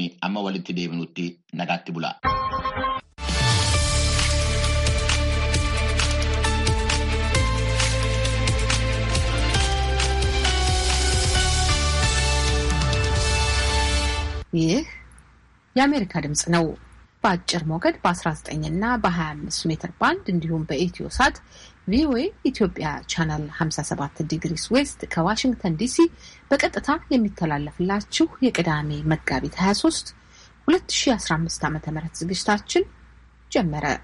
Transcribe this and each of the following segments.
wajjin amma walitti deebinutti nagaatti bula. ይህ የአሜሪካ ድምፅ ነው። በአጭር ሞገድ በ19 እና በ25 ሜትር ባንድ እንዲሁም በኢትዮ ሳት ቪኦኤ ኢትዮጵያ ቻናል 57 ዲግሪስ ዌስት ከዋሽንግተን ዲሲ በቀጥታ የሚተላለፍላችሁ የቅዳሜ መጋቢት 23 2015 ዓ ም ዝግጅታችን ጀመረ።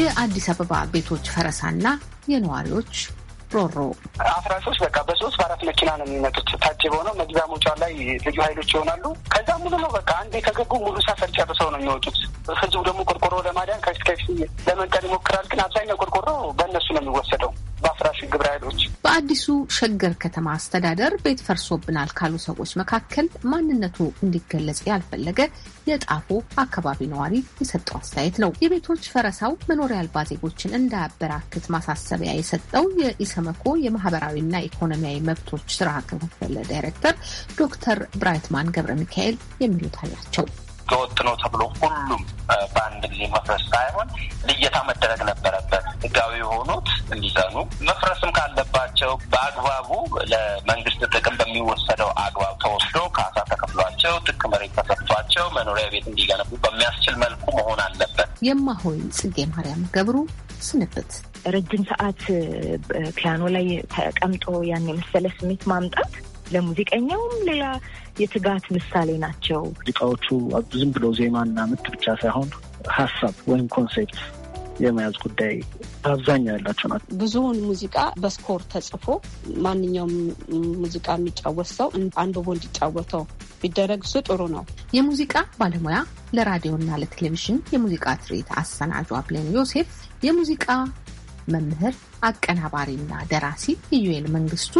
የአዲስ አበባ ቤቶች ፈረሳና የነዋሪዎች ሮሮ አስራ ሶስት በቃ በሶስት በአራት መኪና ነው የሚመጡት። ታጅበው ነው መግቢያ መውጫ ላይ ልዩ ኃይሎች ይሆናሉ። ከዛ ሙሉ ነው በቃ አንዴ ከገቡ ሙሉ ሰፈር ጨርሰው ነው የሚወጡት። ህዝቡ ደግሞ ቆርቆሮ ለማዳን ከፊት ከፊት ለመንቀል ይሞክራል። ግን አብዛኛው ቆርቆሮ በእነሱ ነው የሚወሰደው። በአፍራሽ ግብረ ኃይሎች። በአዲሱ ሸገር ከተማ አስተዳደር ቤት ፈርሶብናል ካሉ ሰዎች መካከል ማንነቱ እንዲገለጽ ያልፈለገ የጣፎ አካባቢ ነዋሪ የሰጠው አስተያየት ነው። የቤቶች ፈረሳው መኖሪያ አልባ ዜጎችን እንዳያበራክት ማሳሰቢያ የሰጠው የኢሰመኮ የማህበራዊና ኢኮኖሚያዊ መብቶች ስራ ክፍል ዳይሬክተር ዶክተር ብራይትማን ገብረ ሚካኤል የሚሉት አላቸው። ህገወጥ ነው ተብሎ ሁሉም በአንድ ጊዜ መፍረስ ሳይሆን ልየታ መደረግ ነበረበት። ህጋዊ የሆኑት እንዲጸኑ መፍረስም ካለባቸው በአግባቡ ለመንግስት ጥቅም በሚወሰደው አግባብ ተወስዶ ካሳ ተከፍሏቸው ትክ መሬት ተሰጥቷቸው መኖሪያ ቤት እንዲገነቡ በሚያስችል መልኩ መሆን አለበት። የማሆይ ጽጌ ማርያም ገብሩ ስንብት ረጅም ሰዓት ፒያኖ ላይ ተቀምጦ ያን የመሰለ ስሜት ማምጣት ለሙዚቀኛውም ሌላ የትጋት ምሳሌ ናቸው። ሙዚቃዎቹ ዝም ብሎ ዜማና ምት ብቻ ሳይሆን ሀሳብ ወይም ኮንሴፕት የመያዝ ጉዳይ አብዛኛው ያላቸው ናቸው። ብዙውን ሙዚቃ በስኮር ተጽፎ ማንኛውም ሙዚቃ የሚጫወት ሰው አንብቦ እንዲጫወተው ቢደረግ እሱ ጥሩ ነው። የሙዚቃ ባለሙያ ለራዲዮና ለቴሌቪዥን የሙዚቃ ትርኢት አሰናጇ ብለን ዮሴፍ የሙዚቃ መምህር አቀናባሪና ደራሲ ኢዩኤል መንግስቱ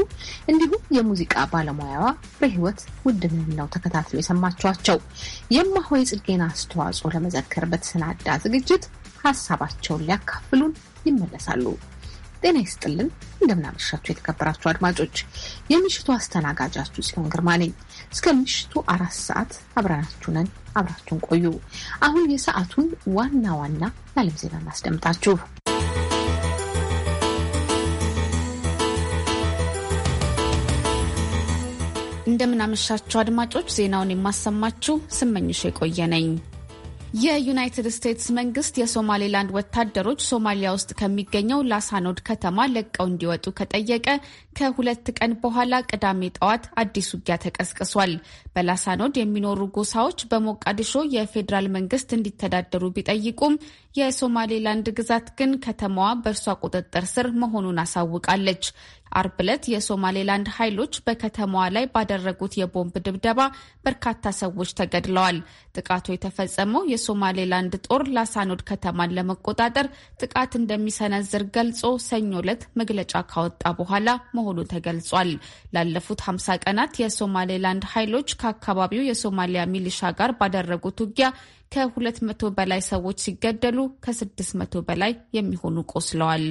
እንዲሁም የሙዚቃ ባለሙያዋ በህይወት ውድነህን ነው ተከታትሎ የሰማችኋቸው። የማሆይ ጽጌን አስተዋጽኦ ለመዘከር በተሰናዳ ዝግጅት ሀሳባቸውን ሊያካፍሉን ይመለሳሉ። ጤና ይስጥልን። እንደምናመሻችሁ የተከበራችሁ አድማጮች፣ የምሽቱ አስተናጋጃችሁ ጽዮን ግርማ ነኝ። እስከ ምሽቱ አራት ሰዓት አብረናችሁ ነን። አብራችሁን ቆዩ። አሁን የሰዓቱን ዋና ዋና የዓለም ዜና እናስደምጣችሁ። እንደምናመሻችሁ አድማጮች፣ ዜናውን የማሰማችሁ ስመኝሽ የቆየ ነኝ። የዩናይትድ ስቴትስ መንግስት የሶማሌላንድ ወታደሮች ሶማሊያ ውስጥ ከሚገኘው ላሳኖድ ከተማ ለቀው እንዲወጡ ከጠየቀ ከሁለት ቀን በኋላ ቅዳሜ ጠዋት አዲስ ውጊያ ተቀስቅሷል። በላሳኖድ የሚኖሩ ጎሳዎች በሞቃዲሾ የፌዴራል መንግስት እንዲተዳደሩ ቢጠይቁም የሶማሌላንድ ግዛት ግን ከተማዋ በእርሷ ቁጥጥር ስር መሆኑን አሳውቃለች። አርብ ዕለት የሶማሌላንድ ኃይሎች በከተማዋ ላይ ባደረጉት የቦምብ ድብደባ በርካታ ሰዎች ተገድለዋል። ጥቃቱ የተፈጸመው የሶማሌላንድ ጦር ላሳኖድ ከተማን ለመቆጣጠር ጥቃት እንደሚሰነዝር ገልጾ ሰኞ ዕለት መግለጫ ካወጣ በኋላ መሆኑ ተገልጿል። ላለፉት 50 ቀናት የሶማሌላንድ ኃይሎች ከአካባቢው የሶማሊያ ሚሊሻ ጋር ባደረጉት ውጊያ ከ200 በላይ ሰዎች ሲገደሉ ከ600 በላይ የሚሆኑ ቆስለዋል።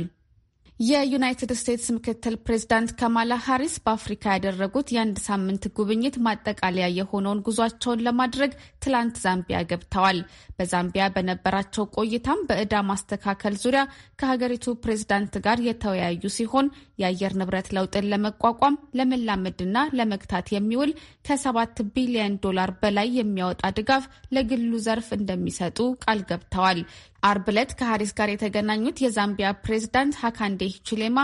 የዩናይትድ ስቴትስ ምክትል ፕሬዚዳንት ካማላ ሃሪስ በአፍሪካ ያደረጉት የአንድ ሳምንት ጉብኝት ማጠቃለያ የሆነውን ጉዟቸውን ለማድረግ ትላንት ዛምቢያ ገብተዋል። በዛምቢያ በነበራቸው ቆይታም በእዳ ማስተካከል ዙሪያ ከሀገሪቱ ፕሬዚዳንት ጋር የተወያዩ ሲሆን የአየር ንብረት ለውጥን ለመቋቋም ለመላመድና ለመግታት የሚውል ከሰባት ቢሊዮን ዶላር በላይ የሚያወጣ ድጋፍ ለግሉ ዘርፍ እንደሚሰጡ ቃል ገብተዋል። አርብ ዕለት ከሀሪስ ጋር የተገናኙት የዛምቢያ ፕሬዝዳንት ሀካንዴ ችሌማ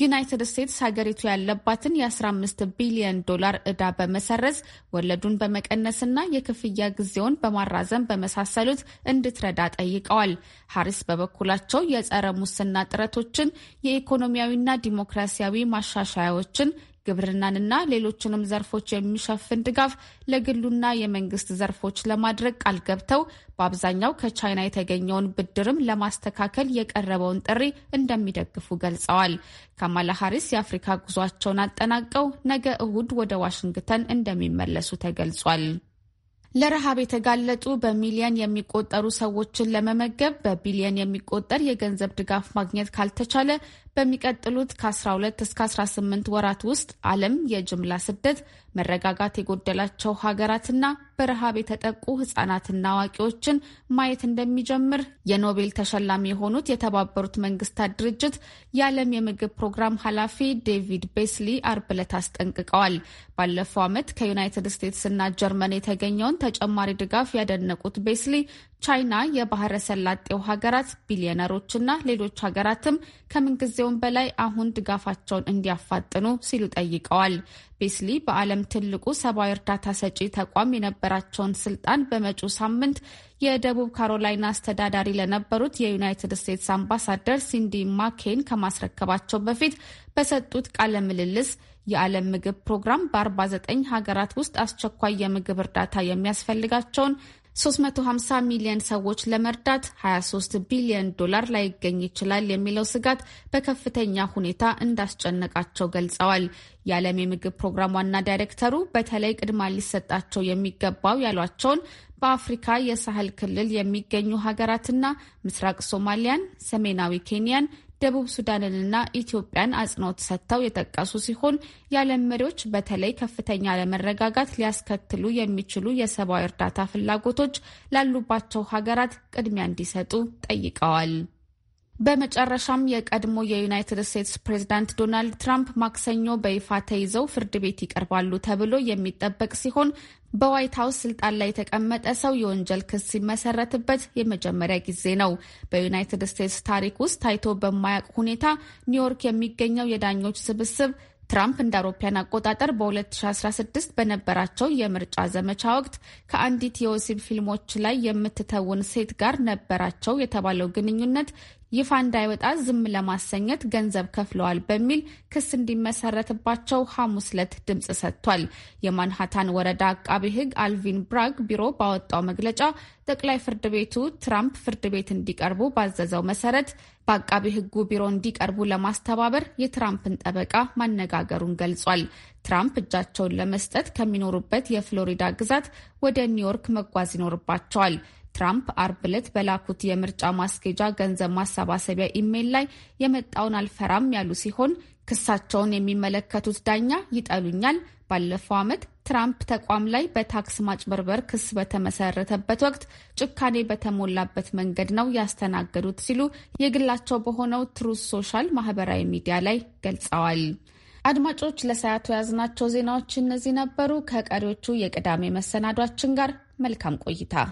ዩናይትድ ስቴትስ ሀገሪቱ ያለባትን የ15 ቢሊዮን ዶላር ዕዳ በመሰረዝ ወለዱን በመቀነስና የክፍያ ጊዜውን በማራዘም በመሳሰሉት እንድትረዳ ጠይቀዋል። ሀሪስ በበኩላቸው የጸረ ሙስና ጥረቶችን፣ የኢኮኖሚያዊና ዲሞክራሲያዊ ማሻሻያዎችን ግብርናንና ሌሎችንም ዘርፎች የሚሸፍን ድጋፍ ለግሉና የመንግስት ዘርፎች ለማድረግ ቃል ገብተው በአብዛኛው ከቻይና የተገኘውን ብድርም ለማስተካከል የቀረበውን ጥሪ እንደሚደግፉ ገልጸዋል። ካማላ ሀሪስ የአፍሪካ ጉዟቸውን አጠናቀው ነገ እሁድ ወደ ዋሽንግተን እንደሚመለሱ ተገልጿል። ለረሃብ የተጋለጡ በሚሊየን የሚቆጠሩ ሰዎችን ለመመገብ በቢሊየን የሚቆጠር የገንዘብ ድጋፍ ማግኘት ካልተቻለ በሚቀጥሉት ከ12 እስከ 18 ወራት ውስጥ ዓለም የጅምላ ስደት፣ መረጋጋት የጎደላቸው ሀገራትና በረሃብ የተጠቁ ህጻናትና አዋቂዎችን ማየት እንደሚጀምር የኖቤል ተሸላሚ የሆኑት የተባበሩት መንግስታት ድርጅት የዓለም የምግብ ፕሮግራም ኃላፊ ዴቪድ ቤስሊ አርብ ዕለት አስጠንቅቀዋል። ባለፈው ዓመት ከዩናይትድ ስቴትስና ጀርመን የተገኘውን ተጨማሪ ድጋፍ ያደነቁት ቤስሊ ቻይና የባህረ ሰላጤው ሀገራት ቢሊዮነሮችና ሌሎች ሀገራትም ከምንጊዜውም በላይ አሁን ድጋፋቸውን እንዲያፋጥኑ ሲሉ ጠይቀዋል። ቤስሊ በዓለም ትልቁ ሰብአዊ እርዳታ ሰጪ ተቋም የነበራቸውን ስልጣን በመጪው ሳምንት የደቡብ ካሮላይና አስተዳዳሪ ለነበሩት የዩናይትድ ስቴትስ አምባሳደር ሲንዲ ማኬን ከማስረከባቸው በፊት በሰጡት ቃለ ምልልስ የዓለም ምግብ ፕሮግራም በ49 ሀገራት ውስጥ አስቸኳይ የምግብ እርዳታ የሚያስፈልጋቸውን 350 ሚሊዮን ሰዎች ለመርዳት 23 ቢሊዮን ዶላር ላይገኝ ይችላል የሚለው ስጋት በከፍተኛ ሁኔታ እንዳስጨነቃቸው ገልጸዋል። የዓለም የምግብ ፕሮግራም ዋና ዳይሬክተሩ በተለይ ቅድማ ሊሰጣቸው የሚገባው ያሏቸውን በአፍሪካ የሳህል ክልል የሚገኙ ሀገራትና ምስራቅ ሶማሊያን፣ ሰሜናዊ ኬንያን ደቡብ ሱዳንንና ኢትዮጵያን አጽንኦት ሰጥተው የጠቀሱ ሲሆን የዓለም መሪዎች በተለይ ከፍተኛ አለመረጋጋት ሊያስከትሉ የሚችሉ የሰብአዊ እርዳታ ፍላጎቶች ላሉባቸው ሀገራት ቅድሚያ እንዲሰጡ ጠይቀዋል። በመጨረሻም የቀድሞ የዩናይትድ ስቴትስ ፕሬዝዳንት ዶናልድ ትራምፕ ማክሰኞ በይፋ ተይዘው ፍርድ ቤት ይቀርባሉ ተብሎ የሚጠበቅ ሲሆን በዋይት ሀውስ ስልጣን ላይ የተቀመጠ ሰው የወንጀል ክስ ሲመሰረትበት የመጀመሪያ ጊዜ ነው። በዩናይትድ ስቴትስ ታሪክ ውስጥ ታይቶ በማያውቅ ሁኔታ ኒውዮርክ የሚገኘው የዳኞች ስብስብ ትራምፕ እንደ አውሮፓያን አቆጣጠር በ2016 በነበራቸው የምርጫ ዘመቻ ወቅት ከአንዲት የወሲብ ፊልሞች ላይ የምትተውን ሴት ጋር ነበራቸው የተባለው ግንኙነት ይፋ እንዳይወጣ ዝም ለማሰኘት ገንዘብ ከፍለዋል በሚል ክስ እንዲመሰረትባቸው ሐሙስ ዕለት ድምፅ ሰጥቷል። የማንሃታን ወረዳ አቃቢ ሕግ አልቪን ብራግ ቢሮ ባወጣው መግለጫ ጠቅላይ ፍርድ ቤቱ ትራምፕ ፍርድ ቤት እንዲቀርቡ ባዘዘው መሰረት በአቃቢ ሕጉ ቢሮ እንዲቀርቡ ለማስተባበር የትራምፕን ጠበቃ ማነጋገሩን ገልጿል። ትራምፕ እጃቸውን ለመስጠት ከሚኖሩበት የፍሎሪዳ ግዛት ወደ ኒውዮርክ መጓዝ ይኖርባቸዋል። ትራምፕ አርብ ዕለት በላኩት የምርጫ ማስኬጃ ገንዘብ ማሰባሰቢያ ኢሜይል ላይ የመጣውን አልፈራም ያሉ ሲሆን ክሳቸውን የሚመለከቱት ዳኛ ይጠሉኛል ባለፈው ዓመት ትራምፕ ተቋም ላይ በታክስ ማጭበርበር ክስ በተመሰረተበት ወቅት ጭካኔ በተሞላበት መንገድ ነው ያስተናገዱት ሲሉ የግላቸው በሆነው ትሩስ ሶሻል ማህበራዊ ሚዲያ ላይ ገልጸዋል። አድማጮች ለሰዓቱ የያዝናቸው ዜናዎች እነዚህ ነበሩ። ከቀሪዎቹ የቅዳሜ መሰናዷችን ጋር መልካም ቆይታ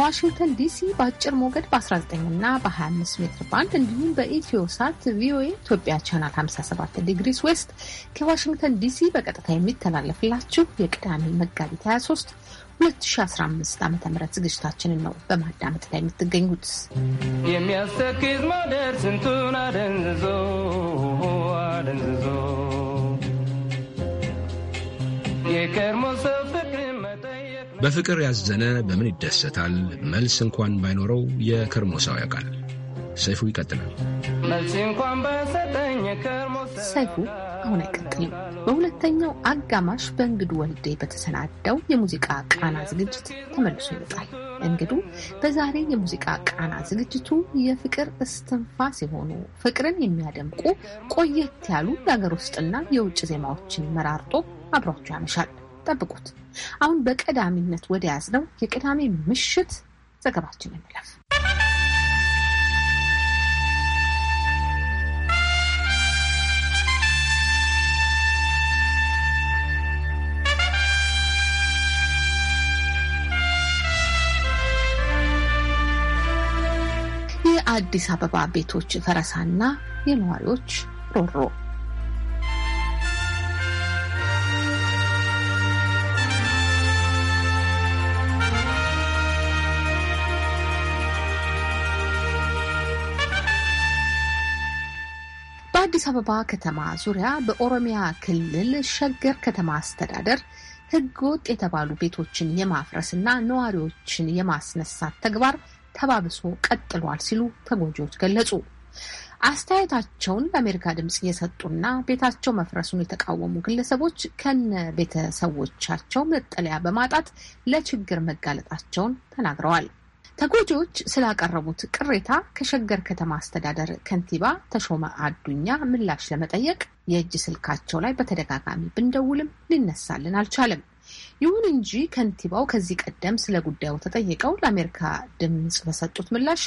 ከዋሽንግተን ዲሲ በአጭር ሞገድ በ19 እና በ25 ሜትር ባንድ እንዲሁም በኢትዮ ሳት ቪኦኤ ኢትዮጵያ ቻናል 57 ዲግሪስ ዌስት ከዋሽንግተን ዲሲ በቀጥታ የሚተላለፍላችሁ የቅዳሜ መጋቢት 23 2015 ዓ ም ዝግጅታችንን ነው በማዳመጥ ላይ የምትገኙት። የሚያስተክዝ ማደር ስንቱን አደንዝዞ አደንዝዞ የቀድሞ ሰው በፍቅር ያዘነ በምን ይደሰታል? መልስ እንኳን ባይኖረው የከርሞ ሰው ያውቃል። ሰይፉ ይቀጥላል። ሰይፉ አሁን አይቀጥልም። በሁለተኛው አጋማሽ በእንግዱ ወልዴ በተሰናዳው የሙዚቃ ቃና ዝግጅት ተመልሶ ይመጣል። እንግዱ በዛሬ የሙዚቃ ቃና ዝግጅቱ የፍቅር እስትንፋስ የሆኑ ፍቅርን የሚያደምቁ ቆየት ያሉ የአገር ውስጥና የውጭ ዜማዎችን መራርጦ አብሯቸው ያመሻል። ጠብቁት። አሁን በቀዳሚነት ወደ ያዝነው የቅዳሜ ምሽት ዘገባችን እንለፍ። አዲስ አበባ ቤቶች ፈረሳና የነዋሪዎች ሮሮ በአዲስ አበባ ከተማ ዙሪያ በኦሮሚያ ክልል ሸገር ከተማ አስተዳደር ህገወጥ የተባሉ ቤቶችን የማፍረስና ነዋሪዎችን የማስነሳት ተግባር ተባብሶ ቀጥሏል ሲሉ ተጎጂዎች ገለጹ። አስተያየታቸውን ለአሜሪካ ድምፅ የሰጡና ቤታቸው መፍረሱን የተቃወሙ ግለሰቦች ከነ ቤተሰቦቻቸው መጠለያ በማጣት ለችግር መጋለጣቸውን ተናግረዋል። ተጎጂዎች ስላቀረቡት ቅሬታ ከሸገር ከተማ አስተዳደር ከንቲባ ተሾመ አዱኛ ምላሽ ለመጠየቅ የእጅ ስልካቸው ላይ በተደጋጋሚ ብንደውልም ሊነሳልን አልቻለም። ይሁን እንጂ ከንቲባው ከዚህ ቀደም ስለ ጉዳዩ ተጠይቀው ለአሜሪካ ድምፅ በሰጡት ምላሽ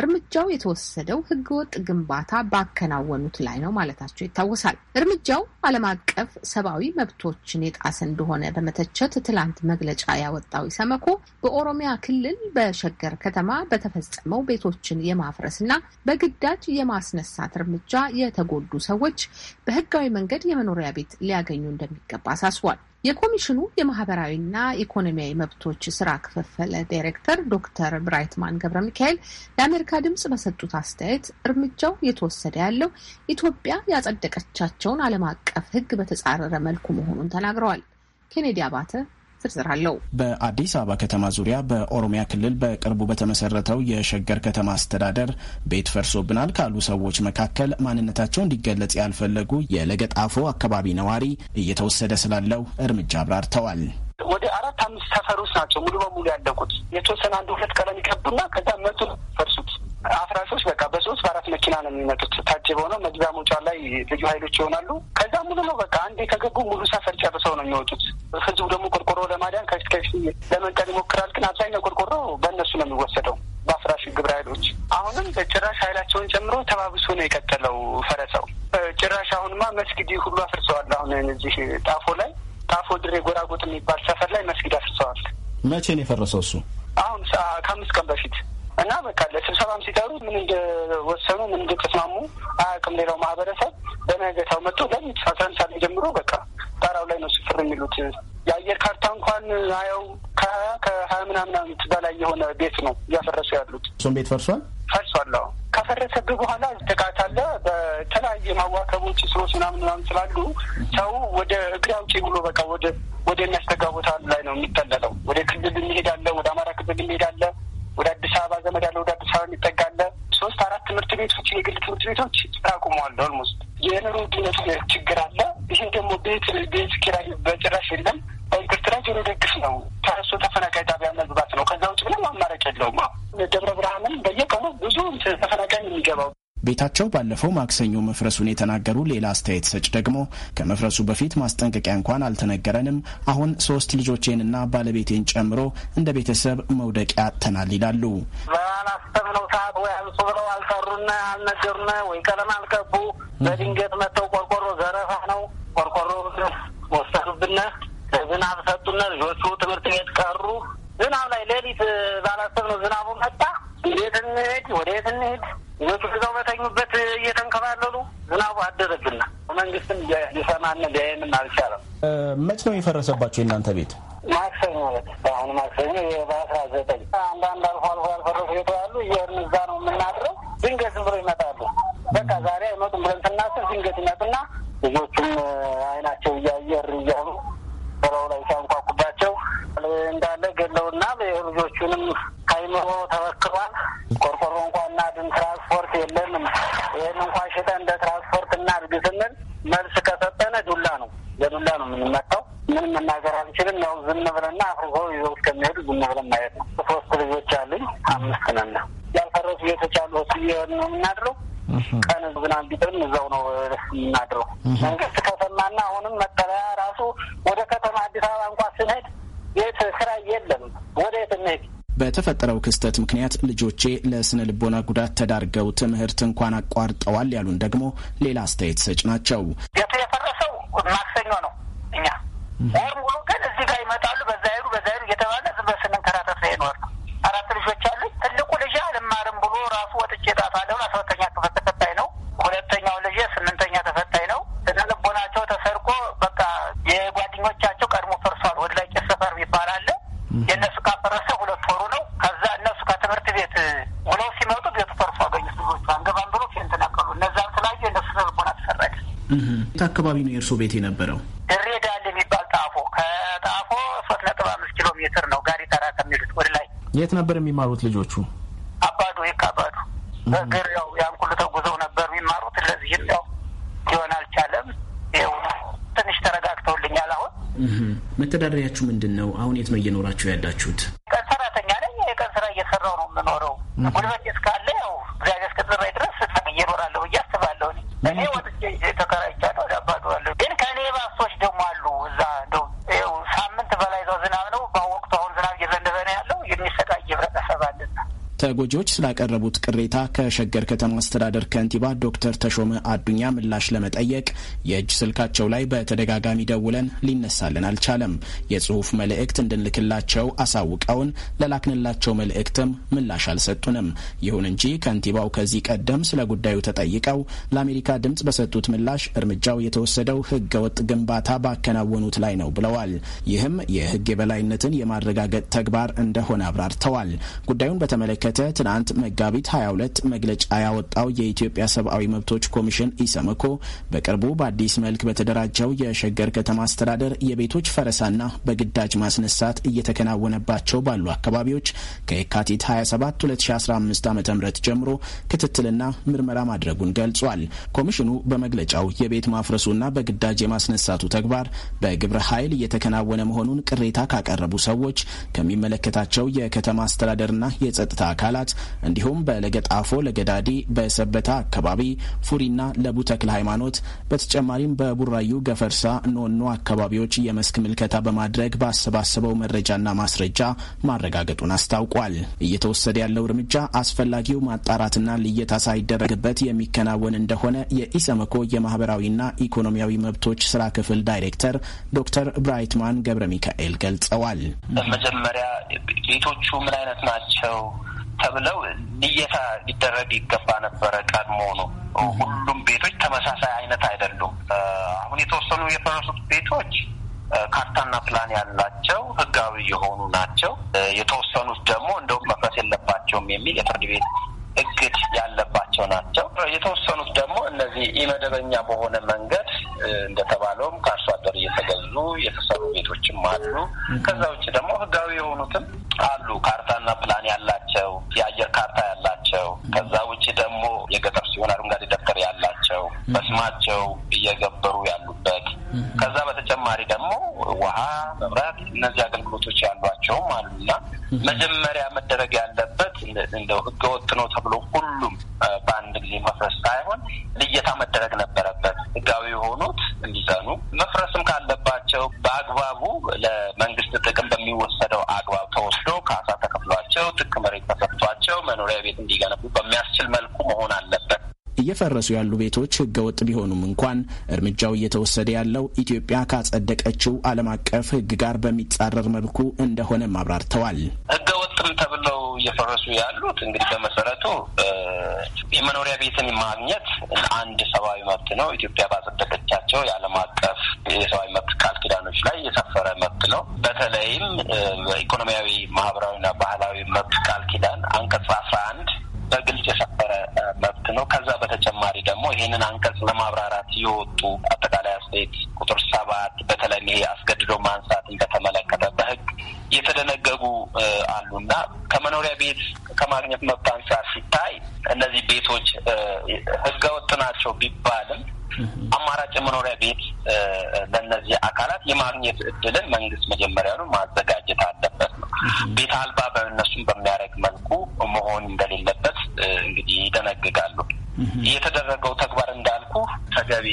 እርምጃው የተወሰደው ህገወጥ ግንባታ ባከናወኑት ላይ ነው ማለታቸው ይታወሳል። እርምጃው ዓለም አቀፍ ሰብአዊ መብቶችን የጣሰ እንደሆነ በመተቸት ትላንት መግለጫ ያወጣው ኢሰመኮ በኦሮሚያ ክልል በሸገር ከተማ በተፈጸመው ቤቶችን የማፍረስና በግዳጅ የማስነሳት እርምጃ የተጎዱ ሰዎች በህጋዊ መንገድ የመኖሪያ ቤት ሊያገኙ እንደሚገባ አሳስቧል። የኮሚሽኑ የማህበራዊና ኢኮኖሚያዊ መብቶች ስራ ክፍፍል ዳይሬክተር ዶክተር ብራይትማን ገብረ ሚካኤል ለአሜሪካ ድምጽ በሰጡት አስተያየት እርምጃው እየተወሰደ ያለው ኢትዮጵያ ያጸደቀቻቸውን ዓለም አቀፍ ሕግ በተጻረረ መልኩ መሆኑን ተናግረዋል። ኬኔዲ አባተ ዝርዝር አለው። በአዲስ አበባ ከተማ ዙሪያ በኦሮሚያ ክልል በቅርቡ በተመሰረተው የሸገር ከተማ አስተዳደር ቤት ፈርሶብናል ካሉ ሰዎች መካከል ማንነታቸው እንዲገለጽ ያልፈለጉ የለገጣፎ አካባቢ ነዋሪ እየተወሰደ ስላለው እርምጃ አብራርተዋል። ወደ አራት አምስት ሰፈሮች ናቸው ሙሉ በሙሉ ያለቁት። የተወሰነ አንድ ሁለት ቀለም ይቀቡና ከዛ መቱ ፈርሱት አፍራሾች በቃ በሶስት በአራት መኪና ነው የሚመጡት። ታጅበው ነው መግቢያ መውጫ ላይ ልዩ ኃይሎች ይሆናሉ። ከዛ ሙሉ ነው በቃ አንዴ ከገቡ ሙሉ ሰፈር ጨርሰው ነው የሚወጡት። ህዝቡ ደግሞ ቆርቆሮ ለማዳን ከፊት ከፊት ለመንቀል ይሞክራል። ግን አብዛኛው ቆርቆሮ በእነሱ ነው የሚወሰደው በአፍራሽ ግብረ ኃይሎች። አሁንም ጭራሽ ኃይላቸውን ጨምሮ ተባብሶ ነው የቀጠለው ፈረሰው። ጭራሽ አሁንማ መስጊድ ሁሉ አፍርሰዋል። አሁን እዚህ ጣፎ ላይ ጣፎ ድሬ ጎራጎጥ የሚባል ሰፈር ላይ መስጊድ አፍርሰዋል። መቼ ነው የፈረሰው እሱ? አሁን ከአምስት ቀን በፊት እና በቃ ለስብሰባም ሲጠሩ ምን እንደወሰኑ ምን እንደተስማሙ አያውቅም። ሌላው ማህበረሰብ በነገታው መጥቶ ለምን አስራአንድ ሰዓት ጀምሮ በቃ ጣራው ላይ ነው ስፍር የሚሉት። የአየር ካርታ እንኳን ሀያው ከሀያ ከሀያ ምናምን ዓመት በላይ የሆነ ቤት ነው እያፈረሱ ያሉት። እሱም ቤት ፈርሷል ፈርሷል። አዎ ከፈረሰብህ በኋላ ጥቃት አለ። በተለያየ ማዋከቦች ስሮች ምናምን ምናምን ስላሉ ሰው ወደ እግር አውጪ ብሎ በቃ ወደ ወደ የሚያስጠጋ ቦታ ላይ ነው የሚጠለለው። ወደ ክልል የሚሄዳለ፣ ወደ አማራ ክልል የሚሄዳለ ወደ አዲስ አበባ ዘመድ ያለ ወደ አዲስ አበባ የሚጠጋለ ሶስት አራት ትምህርት ቤቶች የግል ትምህርት ቤቶች ስራ አቁመዋል። ኦልሞስት የኑሮ ውድነት ችግር አለ። ይህ ደግሞ ቤት ቤት ኪራይ በጭራሽ የለም። ላይ ጆሮ ደግፍ ነው ተረሶ ተፈናቃይ ጣቢያ መግባት ነው። ከዛ ውጭ ምንም አማራጭ የለውም። ደብረ ብርሃንም በየቀኑ ብዙ ተፈናቃይ የሚገባው ቤታቸው ባለፈው ማክሰኞ መፍረሱን የተናገሩ ሌላ አስተያየት ሰጭ ደግሞ ከመፍረሱ በፊት ማስጠንቀቂያ እንኳን አልተነገረንም። አሁን ሶስት ልጆቼንና ባለቤቴን ጨምሮ እንደ ቤተሰብ መውደቂያ አጥተናል ይላሉ። ባላሰብነው ሰዓት ወይ አንሱ ብለው አልጠሩን፣ አልነገሩን፣ ወይ ቀለም አልቀቡ። በድንገት መጥተው ቆርቆሮ ዘረፋ ነው። ቆርቆሮ ወሰዱብን፣ ዝናብ ሰጡን። ልጆቹ ትምህርት ቤት ቀሩ። ዝናብ ላይ ሌሊት ባላሰብ ነው ዝናቡ መጣ። ወዴት እንሂድ ወዴት እንሂድ? ልጆቹ እዛው በተኙበት እየተንከባለሉ ዝናቡ አደረብና መንግስትም ሊሰማን ሊያየንም አልቻለም። መች ነው የፈረሰባቸው የእናንተ ቤት? ማክሰኞ ዕለት በአሁኑ ማክሰኞ በአስራ ዘጠኝ አንዳንድ አልፎ አልፎ ያልፈረሱ ቤት ያሉ እየሄድን እዛ ነው የምናድረው። ድንገት ዝም ብሎ ይመጣሉ። በቃ ዛሬ አይመጡም ብለን ስናስብ ድንገት ይመጡና ልጆቹም አይናቸው ኑሮ ተበክሯል። ቆርቆሮ እንኳና ድን ትራንስፖርት የለንም። ይህን እንኳ ሽጠን እንደ ትራንስፖርት እናድርግ ስንል መልስ ከሰጠነ ዱላ ነው፣ በዱላ ነው የምንመጣው። ምን መናገር አንችልም። ያው ዝም ብለና አፍርሶ ይዘው እስከሚሄዱ ዝም ብለን ማየት ነው። ሶስት ልጆች አሉኝ፣ አምስት ነን። ያልፈረሱ ቤቶች አሉ፣ እሱ ነው የምናድረው። ቀን ዝናብ ቢጥልም እዛው ነው የምናድረው። መንግስት ከሰማና አሁንም መጠለያ ራሱ ወደ ከተማ አዲስ አበባ እንኳ ስንሄድ የት ስራ የለም። ወደ የት እንሄድ? በተፈጠረው ክስተት ምክንያት ልጆቼ ለስነ ልቦና ጉዳት ተዳርገው ትምህርት እንኳን አቋርጠዋል ያሉን ደግሞ ሌላ አስተያየት ሰጭ ናቸው። ገቱ የፈረሰው ማክሰኞ ነው። እኛ ወር ሙሉ ግን እዚህ ጋር ይመጣሉ። የት አካባቢ ነው የእርሶ ቤት የነበረው? ድሬዳል የሚባል ጣፎ፣ ከጣፎ ሶስት ነጥብ አምስት ኪሎ ሜትር ነው ጋሪ ተራ ከሚሉት ወደ ላይ። የት ነበር የሚማሩት ልጆቹ? አባዱ ይካ አባዱ በእግር ያው ያን ሁሉ ተጉዘው ነበር የሚማሩት። ለዚህም ያው ሊሆን አልቻለም። ይኸው ትንሽ ተረጋግተውልኛል። አሁን መተዳደሪያችሁ ምንድን ነው? አሁን የት ነው እየኖራችሁ ያላችሁት? ቀን ሰራተኛ ነኝ። የቀን ስራ እየሰራው ነው የምኖረው። ጉልበት እስካለ ድርጅቶች ስላቀረቡት ቅሬታ ከሸገር ከተማ አስተዳደር ከንቲባ ዶክተር ተሾመ አዱኛ ምላሽ ለመጠየቅ የእጅ ስልካቸው ላይ በተደጋጋሚ ደውለን ሊነሳልን አልቻለም። የጽሁፍ መልእክት እንድንልክላቸው አሳውቀውን ለላክንላቸው መልእክትም ምላሽ አልሰጡንም። ይሁን እንጂ ከንቲባው ከዚህ ቀደም ስለ ጉዳዩ ተጠይቀው ለአሜሪካ ድምፅ በሰጡት ምላሽ እርምጃው የተወሰደው ህገወጥ ግንባታ ባከናወኑት ላይ ነው ብለዋል። ይህም የህግ የበላይነትን የማረጋገጥ ተግባር እንደሆነ አብራርተዋል። ጉዳዩን በተመለከተ ትናንት መጋቢት 22 መግለጫ ያወጣው የኢትዮጵያ ሰብአዊ መብቶች ኮሚሽን ኢሰመኮ በቅርቡ በአዲስ መልክ በተደራጀው የሸገር ከተማ አስተዳደር የቤቶች ፈረሳና በግዳጅ ማስነሳት እየተከናወነባቸው ባሉ አካባቢዎች ከየካቲት 27 2015 ዓ ም ጀምሮ ክትትልና ምርመራ ማድረጉን ገልጿል። ኮሚሽኑ በመግለጫው የቤት ማፍረሱና በግዳጅ የማስነሳቱ ተግባር በግብረ ኃይል እየተከናወነ መሆኑን ቅሬታ ካቀረቡ ሰዎች ከሚመለከታቸው የከተማ አስተዳደርና የጸጥታ አካላት እንዲሁም በለገጣፎ ለገዳዲ፣ በሰበታ አካባቢ ፉሪና ለቡ ተክለ ሃይማኖት በተጨማሪም በቡራዩ ገፈርሳ ኖኖ አካባቢዎች የመስክ ምልከታ በማድረግ ባሰባሰበው መረጃና ማስረጃ ማረጋገጡን አስታውቋል። እየተወሰደ ያለው እርምጃ አስፈላጊው ማጣራትና ልየታ ሳይደረግበት የሚከናወን እንደሆነ የኢሰመኮ የማህበራዊና ኢኮኖሚያዊ መብቶች ስራ ክፍል ዳይሬክተር ዶክተር ብራይትማን ገብረ ሚካኤል ገልጸዋል። በመጀመሪያ ቤቶቹ ምን አይነት ናቸው? ተብለው ልየታ ሊደረግ ይገባ ነበረ። ቀድሞ ነው ሁሉም ቤቶች ተመሳሳይ አይነት አይደሉም። አሁን የተወሰኑ የፈረሱት ቤቶች ካርታና ፕላን ያላቸው ህጋዊ የሆኑ ናቸው። የተወሰኑት ደግሞ እንደውም መፍረስ የለባቸውም የሚል የፍርድ ቤት እግድ ያለበት ያላቸው ናቸው። የተወሰኑት ደግሞ እነዚህ ኢመደበኛ በሆነ መንገድ እንደተባለውም ከአርሶ አደር እየተገዙ የተሰሩ ቤቶችም አሉ። ከዛ ውጭ ደግሞ ህጋዊ የሆኑትም አሉ። ካርታና ፕላን ያላቸው የአየር ካርታ ያላቸው ከዛ ውጭ ደግሞ የገጠር ሲሆን አረንጓዴ ደብተር ያላቸው በስማቸው እየገበሩ ያሉበት ከዛ በተጨማሪ ደግሞ ውሃ፣ መብራት እነዚህ አገልግሎቶች ያሏቸውም አሉና መጀመሪያ መደረግ ያለበት እንደው ህገወጥ ነው ተብሎ ሁሉም በአንድ ጊዜ መፍረስ ሳይሆን ልየታ መደረግ ነበረበት። ህጋዊ የሆኑት እንዲጸኑ መፍረስም ካለባቸው በአግባቡ ለመንግስት ጥቅም በሚወሰደው አግባብ ተወስዶ ካሳ ተከፍሏቸው ጥቅ መሬት ተሰጥቷቸው መኖሪያ ቤት እንዲገነቡ በሚያስችል መልኩ መሆን አለበት። እየፈረሱ ያሉ ቤቶች ህገወጥ ቢሆኑም እንኳን እርምጃው እየተወሰደ ያለው ኢትዮጵያ ካጸደቀችው ዓለም አቀፍ ህግ ጋር በሚጻረር መልኩ እንደሆነ አብራርተዋል። ህገወጥም ተብለው እየፈረሱ ያሉት እንግዲህ በመሰረቱ የመኖሪያ ቤትን ማግኘት አንድ ሰብአዊ መብት ነው። ኢትዮጵያ ባጸደቀቻቸው የዓለም አቀፍ የሰብአዊ መብት ቃል ኪዳኖች ላይ የሰፈረ መብት ነው። በተለይም በኢኮኖሚያዊ ማህበራዊና ባህላዊ መብት ቃል ኪዳን አንቀጽ አስራ አንድ በግልጽ የሰፈረ መብት ነው። ከዛ በተጨማሪ ደግሞ ይህንን አንቀጽ ለማብራራት የወጡ አጠቃላይ አስተያየት ቁጥር ሰባት በተለይ ይሄ አስገድዶ ማንሳትን በተመለከተ በህግ የተደነገጉ እና ከመኖሪያ ቤት ከማግኘት መብት አንጻር ሲታይ እነዚህ ቤቶች ህገወጥ ናቸው ቢባልም አማራጭ የመኖሪያ ቤት ለእነዚህ አካላት የማግኘት እድልን መንግስት መጀመሪያኑ ማዘጋጀት አለበት ነው። ቤት አልባ በእነሱም በሚያደርግ መልኩ መሆን እንደሌለበት የተደረገው ተግባር እንዳልኩ ተገቢ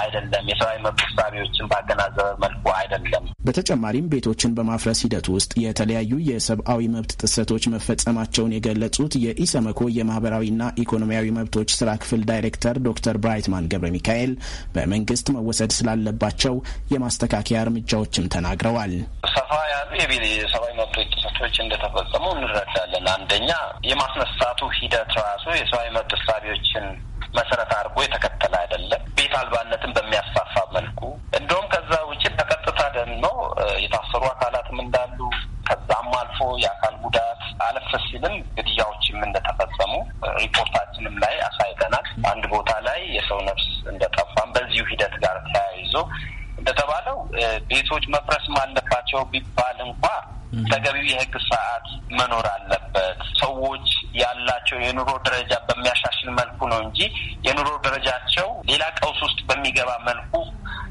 አይደለም፣ የሰብአዊ መብት ውሳኔዎችን ባገናዘበ መልኩ አይደለም በተጨማሪም ቤቶችን በማፍረስ ሂደት ውስጥ የተለያዩ የሰብአዊ መብት ጥሰቶች መፈጸማቸውን የገለጹት የኢሰመኮ የማህበራዊና ኢኮኖሚያዊ መብቶች ስራ ክፍል ዳይሬክተር ዶክተር ብራይትማን ገብረ ሚካኤል በመንግስት መወሰድ ስላለባቸው የማስተካከያ እርምጃዎችም ተናግረዋል። ሰፋ ያሉ የሰብአዊ መብቶች ጥሰቶች እንደተፈጸሙ እንረዳለን። አንደኛ የማስነሳቱ ሂደት ራሱ የሰብአዊ መብት ሳቢዎችን መሰረት አድርጎ የተከተለ አይደለም። ቤት አልባነትን በሚያሳ የታሰሩ አካላትም እንዳሉ ከዛም አልፎ የአካል ጉዳት አለፈ ሲልም ግድያዎችም እንደተፈጸሙ ሪፖርታችንም ላይ አሳይተናል። አንድ ቦታ ላይ የሰው ነፍስ እንደጠፋም በዚሁ ሂደት ጋር ተያይዞ እንደተባለው ቤቶች መፍረስም አለባቸው ቢባል እንኳ ተገቢው የህግ ስርዓት መኖር አለበት። ሰዎች ያላቸው የኑሮ ደረጃ በሚያሻሽል መልኩ ነው እንጂ የኑሮ ደረጃቸው ሌላ ቀውስ ውስጥ በሚገባ መልኩ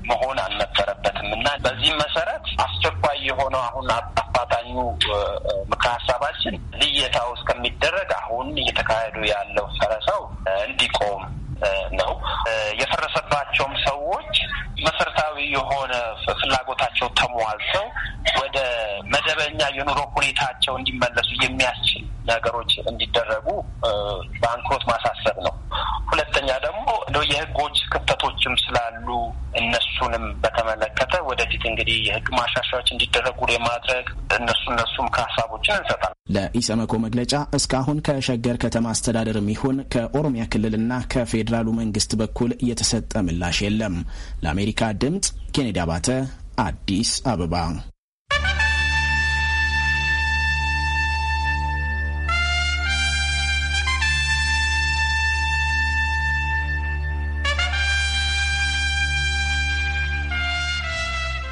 መሆን አልነበረበትም እና በዚህም መሰረት አስቸኳይ የሆነው አሁን አፋጣኙ ምክረ ሀሳባችን ልየታው እስከሚደረግ አሁን እየተካሄዱ ያለው ፈረሰው እንዲቆም ነው። የፈረሰባቸውም ሰዎች መሰረታዊ የሆነ ፍላጎታቸው ተሟልተው ወደ መደበኛ የኑሮ ሁኔታቸው እንዲመለሱ የሚያስችል ነገሮች እንዲደረጉ በአንክሮት ማሳሰብ ነው። ሁለተኛ ደግሞ እንደው የህጎች ክፍተቶችም ስላሉ እነሱንም በተመለከተ ወደፊት እንግዲህ የህግ ማሻሻያዎች እንዲደረጉ የማድረግ እነሱ እነሱም ከሀሳቦችን እንሰጣል። ለኢሰመኮ መግለጫ እስካሁን ከሸገር ከተማ አስተዳደርም ይሁን ከኦሮሚያ ክልልና ከፌዴራሉ መንግስት በኩል የተሰጠ ምላሽ የለም። ለአሜሪካ ድምጽ ኬኔዲ አባተ አዲስ አበባ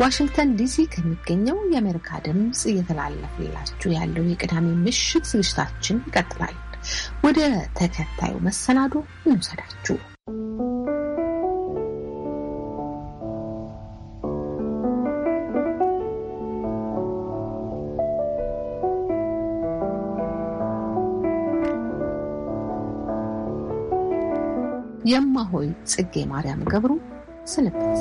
ዋሽንግተን ዲሲ ከሚገኘው የአሜሪካ ድምፅ እየተላለፈላችሁ ያለው የቅዳሜ ምሽት ዝግጅታችን ይቀጥላል። ወደ ተከታዩ መሰናዶ እንውሰዳችሁ። የማሆይ ጽጌ ማርያም ገብሩ ስንብት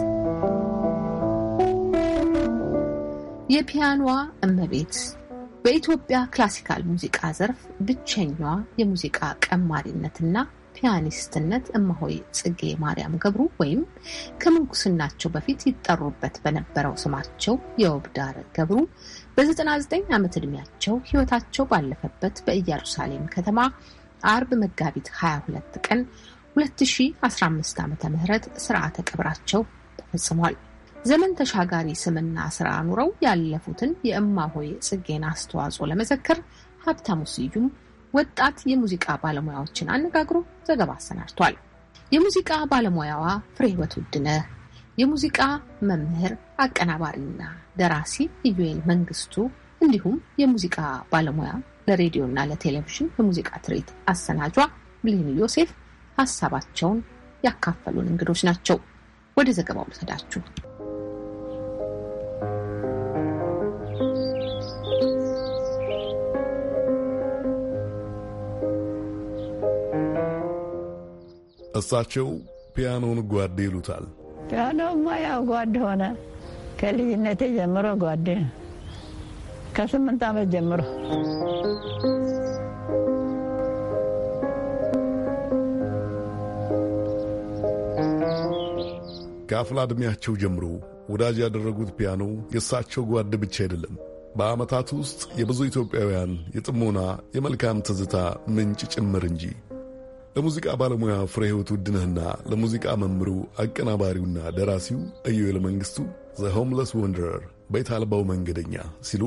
የፒያኖዋ እመቤት በኢትዮጵያ ክላሲካል ሙዚቃ ዘርፍ ብቸኛዋ የሙዚቃ ቀማሪነትና ፒያኒስትነት እማሆይ ጽጌ ማርያም ገብሩ ወይም ከምንኩስናቸው በፊት ይጠሩበት በነበረው ስማቸው የወብዳር ገብሩ በ99 ዓመት ዕድሜያቸው ሕይወታቸው ባለፈበት በኢየሩሳሌም ከተማ አርብ መጋቢት 22 ቀን 2015 ዓ ም ስርዓተ ቀብራቸው ተፈጽሟል። ዘመን ተሻጋሪ ስምና ስራ ኑረው ያለፉትን የእማሆይ ጽጌን አስተዋጽኦ ለመዘከር ሀብታሙ ስዩም ወጣት የሙዚቃ ባለሙያዎችን አነጋግሮ ዘገባ አሰናድቷል። የሙዚቃ ባለሙያዋ ፍሬህይወት ውድነ፣ የሙዚቃ መምህር አቀናባሪና ደራሲ ኢዩኤል መንግስቱ እንዲሁም የሙዚቃ ባለሙያ ለሬዲዮና ለቴሌቪዥን የሙዚቃ ትርኢት አሰናጇ ብሌን ዮሴፍ ሀሳባቸውን ያካፈሉን እንግዶች ናቸው። ወደ ዘገባው ልውሰዳችሁ። እሳቸው ፒያኖን ጓዴ ይሉታል። ፒያኖማ ያው ጓድ ሆነ ከልጅነቴ ጀምሮ ጓዴ ከስምንት ዓመት ጀምሮ ከአፍላ ዕድሜያቸው ጀምሮ ወዳጅ ያደረጉት ፒያኖ የእሳቸው ጓድ ብቻ አይደለም። በዓመታት ውስጥ የብዙ ኢትዮጵያውያን የጥሞና የመልካም ትዝታ ምንጭ ጭምር እንጂ ለሙዚቃ ባለሙያ ፍሬ ሕይወት ውድነህና ለሙዚቃ መምሩ አቀናባሪውና ደራሲው ኢዮኤል መንግሥቱ ዘ ሆምለስ ወንደረር ቤት አልባው መንገደኛ ሲሉ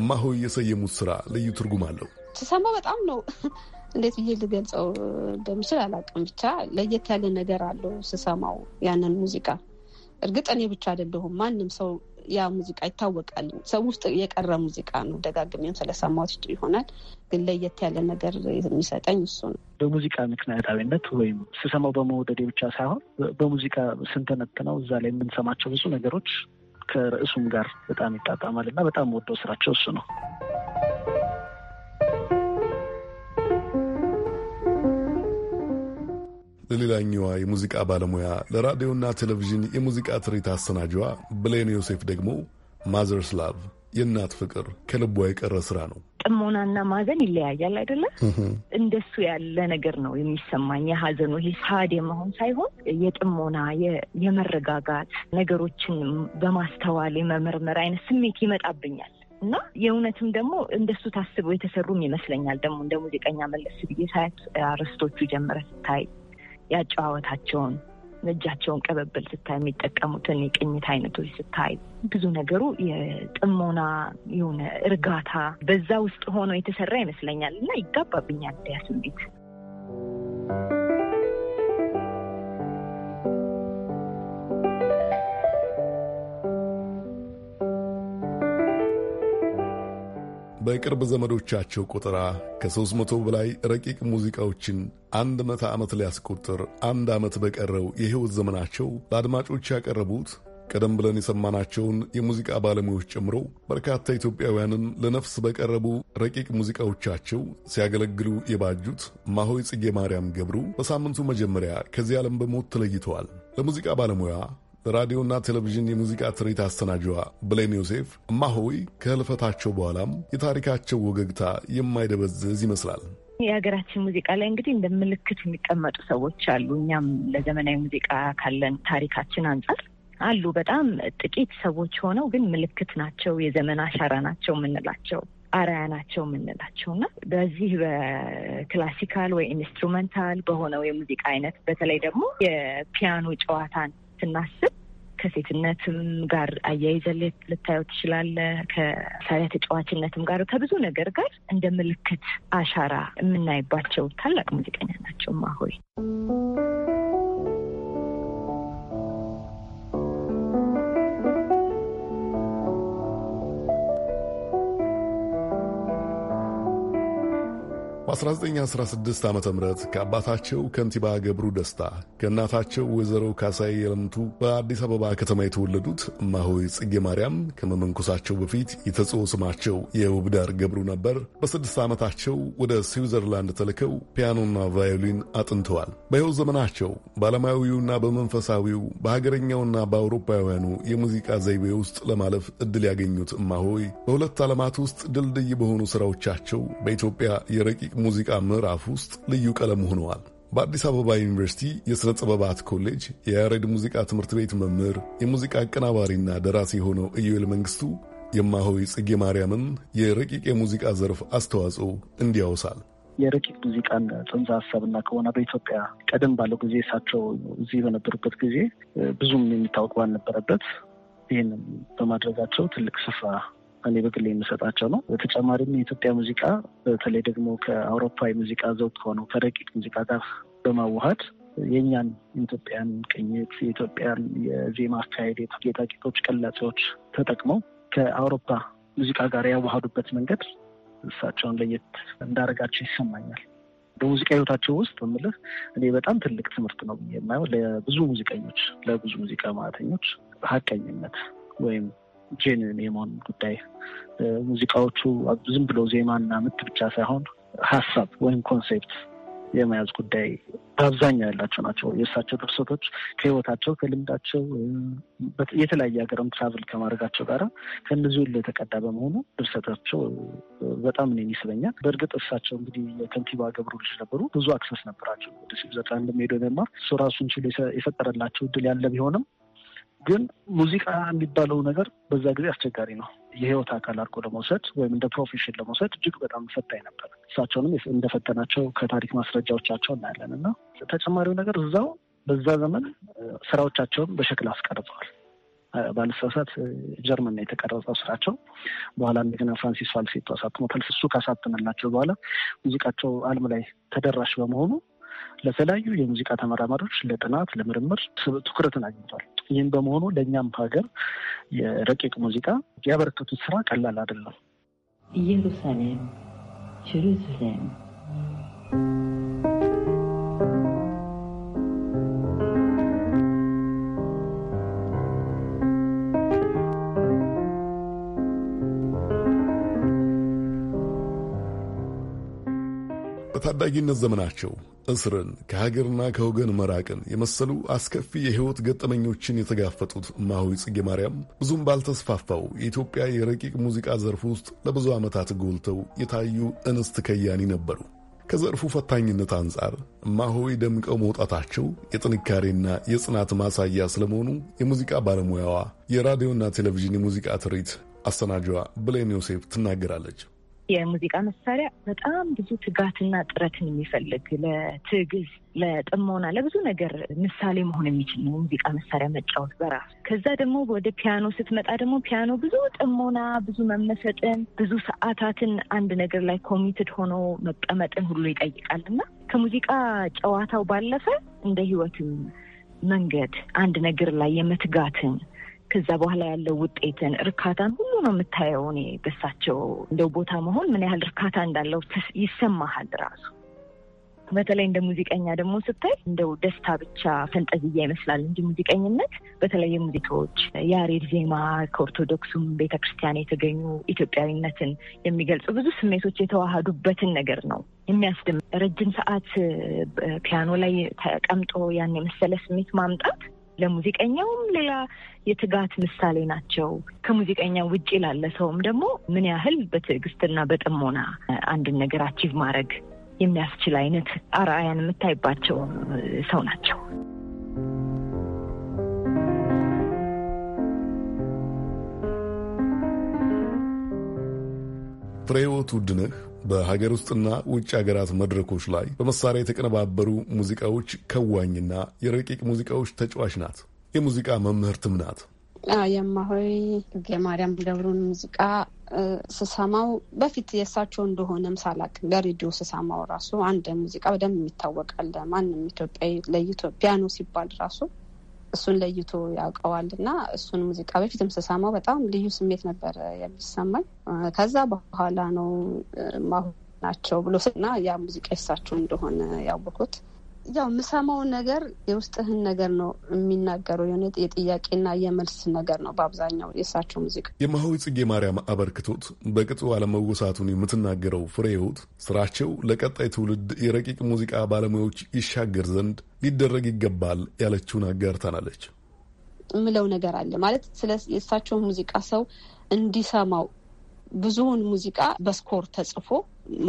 እማሆ የሰየሙት ሥራ ልዩ ትርጉም አለው። ስሰማ በጣም ነው እንዴት ብዬ ልገልጸው እንደምችል አላውቅም። ብቻ ለየት ያለ ነገር አለው ስሰማው ያንን ሙዚቃ። እርግጥ እኔ ብቻ አይደለሁም ማንም ሰው ያ ሙዚቃ ይታወቃል። ሰው ውስጥ የቀረ ሙዚቃ ነው። ደጋግሜም ስለሰማሁት ይሆናል ግን ለየት ያለ ነገር የሚሰጠኝ እሱ ነው። በሙዚቃ ምክንያታዊነት ወይም ስሰማው በመወደዴ ብቻ ሳይሆን በሙዚቃ ስንተነትነው እዛ ላይ የምንሰማቸው ብዙ ነገሮች ከርዕሱም ጋር በጣም ይጣጣማል እና በጣም ወደው ስራቸው እሱ ነው። ለሌላኛዋ የሙዚቃ ባለሙያ ለራዲዮና ቴሌቪዥን የሙዚቃ ትርኢት አሰናጅዋ ብሌን ዮሴፍ ደግሞ ማዘርስ ላቭ የእናት ፍቅር ከልቧ የቀረ ስራ ነው። ጥሞናና ማዘን ይለያያል አይደለ? እንደሱ ያለ ነገር ነው የሚሰማኝ። የሀዘኑ ይሄ ሳድ የመሆን ሳይሆን የጥሞና የመረጋጋት ነገሮችን በማስተዋል የመመርመር አይነት ስሜት ይመጣብኛል። እና የእውነትም ደግሞ እንደሱ ታስበው የተሰሩም ይመስለኛል። ደግሞ እንደ ሙዚቀኛ መለስ ብዬ ሳያት አርስቶቹ ጀምረ ስታይ ያጨዋወታቸውን እጃቸውን ቀበብል ስታይ የሚጠቀሙትን የቅኝት አይነቶች ስታይ ብዙ ነገሩ የጥሞና የሆነ እርጋታ በዛ ውስጥ ሆኖ የተሰራ ይመስለኛል እና ይጋባብኛል ያ ስሜት። በቅርብ ዘመዶቻቸው ቆጠራ ከ300 በላይ ረቂቅ ሙዚቃዎችን አንድ መቶ ዓመት ሊያስቆጥር አንድ ዓመት በቀረው የሕይወት ዘመናቸው ለአድማጮች ያቀረቡት ቀደም ብለን የሰማናቸውን የሙዚቃ ባለሙያዎች ጨምሮ በርካታ ኢትዮጵያውያንን ለነፍስ በቀረቡ ረቂቅ ሙዚቃዎቻቸው ሲያገለግሉ የባጁት ማሆይ ጽጌ ማርያም ገብሩ በሳምንቱ መጀመሪያ ከዚህ ዓለም በሞት ተለይተዋል። ለሙዚቃ ባለሙያ ራዲዮና ቴሌቪዥን የሙዚቃ ትርኢት አሰናጅዋ ብሌን ዮሴፍ እማሆይ ከህልፈታቸው በኋላም የታሪካቸው ወገግታ የማይደበዝዝ ይመስላል። የሀገራችን ሙዚቃ ላይ እንግዲህ እንደ ምልክት የሚቀመጡ ሰዎች አሉ። እኛም ለዘመናዊ ሙዚቃ ካለን ታሪካችን አንጻር አሉ። በጣም ጥቂት ሰዎች ሆነው ግን ምልክት ናቸው፣ የዘመን አሻራ ናቸው የምንላቸው አርያ ናቸው የምንላቸው እና በዚህ በክላሲካል ወይ ኢንስትሩመንታል በሆነው የሙዚቃ አይነት በተለይ ደግሞ የፒያኖ ጨዋታን ስናስብ ከሴትነትም ጋር አያይዘን ልታየው ትችላለህ። ከሳሪያ ተጫዋችነትም ጋር ከብዙ ነገር ጋር እንደ ምልክት አሻራ የምናይባቸው ታላቅ ሙዚቀኛ ናቸው ማሆይ። በ1916 ዓ ም ከአባታቸው ከንቲባ ገብሩ ደስታ ከእናታቸው ወይዘሮ ካሳይ የለምቱ በአዲስ አበባ ከተማ የተወለዱት እማሆይ ጽጌ ማርያም ከመመንኮሳቸው በፊት የተጽኦ ስማቸው የውብዳር ገብሩ ነበር። በስድስት ዓመታቸው ወደ ስዊዘርላንድ ተልከው ፒያኖና ቫዮሊን አጥንተዋል። በሕይወት ዘመናቸው በዓለማዊውና በመንፈሳዊው በሀገረኛውና በአውሮፓውያኑ የሙዚቃ ዘይቤ ውስጥ ለማለፍ ዕድል ያገኙት እማሆይ በሁለት ዓለማት ውስጥ ድልድይ በሆኑ ሥራዎቻቸው በኢትዮጵያ የረቂቅ ሙዚቃ ምዕራፍ ውስጥ ልዩ ቀለም ሆነዋል። በአዲስ አበባ ዩኒቨርሲቲ የሥነ ጥበባት ኮሌጅ የያሬድ ሙዚቃ ትምህርት ቤት መምህር የሙዚቃ አቀናባሪና ደራሲ የሆነው ኢዩኤል መንግሥቱ የማሆይ ጽጌ ማርያምን የረቂቅ የሙዚቃ ዘርፍ አስተዋጽኦ እንዲያወሳል። የረቂቅ ሙዚቃን ጽንሰ ሀሳብና ከሆነ በኢትዮጵያ ቀደም ባለው ጊዜ እሳቸው እዚህ በነበሩበት ጊዜ ብዙም የሚታወቅ ባልነበረበት ይህንን በማድረጋቸው ትልቅ ስፍራ እኔ በግሌ የምሰጣቸው ነው። በተጨማሪም የኢትዮጵያ ሙዚቃ በተለይ ደግሞ ከአውሮፓ የሙዚቃ ዘውግ ከሆነው ከረቂቅ ሙዚቃ ጋር በማዋሃድ የእኛን ኢትዮጵያን ቅኝት፣ የኢትዮጵያን የዜማ አካሄድ፣ የጌጣጌጦች ቅላጼዎች ተጠቅመው ከአውሮፓ ሙዚቃ ጋር ያዋሃዱበት መንገድ እሳቸውን ለየት እንዳደረጋቸው ይሰማኛል። በሙዚቃ ህይወታቸው ውስጥ በምልህ እኔ በጣም ትልቅ ትምህርት ነው የማየው ለብዙ ሙዚቀኞች፣ ለብዙ ሙዚቃ ማዕተኞች ሀቀኝነት ወይም ጄኒን የመሆን ጉዳይ ሙዚቃዎቹ ዝም ብሎ ዜማና ምት ብቻ ሳይሆን ሀሳብ ወይም ኮንሴፕት የመያዝ ጉዳይ በአብዛኛው ያላቸው ናቸው። የእሳቸው ድርሰቶች ከህይወታቸው፣ ከልምዳቸው የተለያየ ሀገርም ትራቭል ከማድረጋቸው ጋር ከእነዚህ ሁሉ የተቀዳ በመሆኑ ድርሰታቸው በጣም እኔን ይስበኛል። በእርግጥ እሳቸው እንግዲህ የከንቲባ ገብሩ ልጅ ነበሩ። ብዙ አክሰስ ነበራቸው ወደ ስብዘጣ እንደሚሄዱ መማር እሱ ራሱን ችሎ የፈጠረላቸው እድል ያለ ቢሆንም ግን ሙዚቃ የሚባለው ነገር በዛ ጊዜ አስቸጋሪ ነው። የህይወት አካል አድርጎ ለመውሰድ ወይም እንደ ፕሮፌሽን ለመውሰድ እጅግ በጣም ፈታኝ ነበር። እሳቸውንም እንደፈተናቸው ከታሪክ ማስረጃዎቻቸው እናያለን እና ተጨማሪው ነገር እዛው በዛ ዘመን ስራዎቻቸውን በሸክላ አስቀርጸዋል። ባለሰሳት ጀርመን የተቀረጸው ስራቸው። በኋላ እንደገና ፍራንሲስ ፋልሴቶ አሳትሞታል። እሱ ካሳተመላቸው በኋላ ሙዚቃቸው ዓለም ላይ ተደራሽ በመሆኑ ለተለያዩ የሙዚቃ ተመራማሪዎች ለጥናት፣ ለምርምር ትኩረትን አግኝቷል። ይህም በመሆኑ ለእኛም ሀገር የረቂቅ ሙዚቃ ያበረከቱት ስራ ቀላል አይደለም። ኢየሩሳሌም ጀሩሳሌም በታዳጊነት ዘመናቸው እስርን፣ ከሀገርና ከወገን መራቅን የመሰሉ አስከፊ የሕይወት ገጠመኞችን የተጋፈጡት እማሆይ ጽጌ ማርያም ብዙም ባልተስፋፋው የኢትዮጵያ የረቂቅ ሙዚቃ ዘርፍ ውስጥ ለብዙ ዓመታት ጎልተው የታዩ እንስት ከያኒ ነበሩ። ከዘርፉ ፈታኝነት አንጻር እማሆይ ደምቀው መውጣታቸው የጥንካሬና የጽናት ማሳያ ስለመሆኑ የሙዚቃ ባለሙያዋ የራዲዮና ቴሌቪዥን የሙዚቃ ትርኢት አሰናጇ ብሌን ዮሴፍ ትናገራለች። የሙዚቃ መሳሪያ በጣም ብዙ ትጋትና ጥረትን የሚፈልግ ለትዕግስት፣ ለጥሞና፣ ለብዙ ነገር ምሳሌ መሆን የሚችል ነው የሙዚቃ መሳሪያ መጫወት በራሱ። ከዛ ደግሞ ወደ ፒያኖ ስትመጣ ደግሞ ፒያኖ ብዙ ጥሞና፣ ብዙ መመሰጥን፣ ብዙ ሰዓታትን አንድ ነገር ላይ ኮሚትድ ሆኖ መቀመጥን ሁሉ ይጠይቃል እና ከሙዚቃ ጨዋታው ባለፈ እንደ ህይወትም መንገድ አንድ ነገር ላይ የመትጋትን ከዛ በኋላ ያለው ውጤትን እርካታን ሁሉ ነው የምታየው። እኔ በሳቸው እንደው ቦታ መሆን ምን ያህል እርካታ እንዳለው ይሰማሃል ራሱ። በተለይ እንደ ሙዚቀኛ ደግሞ ስታይ እንደው ደስታ ብቻ ፈንጠዝያ ይመስላል እንጂ ሙዚቀኝነት በተለይ ሙዚቃዎች የአሬድ ዜማ ከኦርቶዶክሱም ቤተክርስቲያን የተገኙ ኢትዮጵያዊነትን የሚገልጹ ብዙ ስሜቶች የተዋሃዱበትን ነገር ነው የሚያስደም ረጅም ሰዓት ፒያኖ ላይ ተቀምጦ ያን የመሰለ ስሜት ማምጣት ለሙዚቀኛውም ሌላ የትጋት ምሳሌ ናቸው። ከሙዚቀኛው ውጭ ላለ ሰውም ደግሞ ምን ያህል በትዕግስትና በጥሞና አንድን ነገር አቺቭ ማድረግ የሚያስችል አይነት አርአያን የምታይባቸው ሰው ናቸው። ፍሬህይወት ውድነህ በሀገር ውስጥና ውጭ ሀገራት መድረኮች ላይ በመሳሪያ የተቀነባበሩ ሙዚቃዎች ከዋኝና የረቂቅ ሙዚቃዎች ተጫዋች ናት። የሙዚቃ መምህርትም ናት። የማሆይ የማርያም ገብሩን ሙዚቃ ስሰማው በፊት የእሳቸው እንደሆነም ሳላቅ በሬዲዮ ስሰማው ራሱ አንድ ሙዚቃ በደንብ የሚታወቃለ ማንም ለኢትዮጵያ ነው ሲባል ራሱ እሱን ለይቶ ያውቀዋል እና እሱን ሙዚቃ በፊትም ስሰማው በጣም ልዩ ስሜት ነበር የሚሰማኝ። ከዛ በኋላ ነው ማሁ ናቸው ብሎ ስና ያ ሙዚቃ የሳቸው እንደሆነ ያወቁት። ያው የምሰማው ነገር የውስጥህን ነገር ነው የሚናገረው። የሆነ የጥያቄና የመልስ ነገር ነው በአብዛኛው የእሳቸው ሙዚቃ። የማህዊ ጽጌ ማርያም አበርክቶት በቅጡ አለመወሳቱን የምትናገረው ፍሬ ህይወት ስራቸው ለቀጣይ ትውልድ የረቂቅ ሙዚቃ ባለሙያዎች ይሻገር ዘንድ ሊደረግ ይገባል ያለችውን አጋርታናለች። ምለው ነገር አለ ማለት ስለ የእሳቸውን ሙዚቃ ሰው እንዲሰማው ብዙውን ሙዚቃ በስኮር ተጽፎ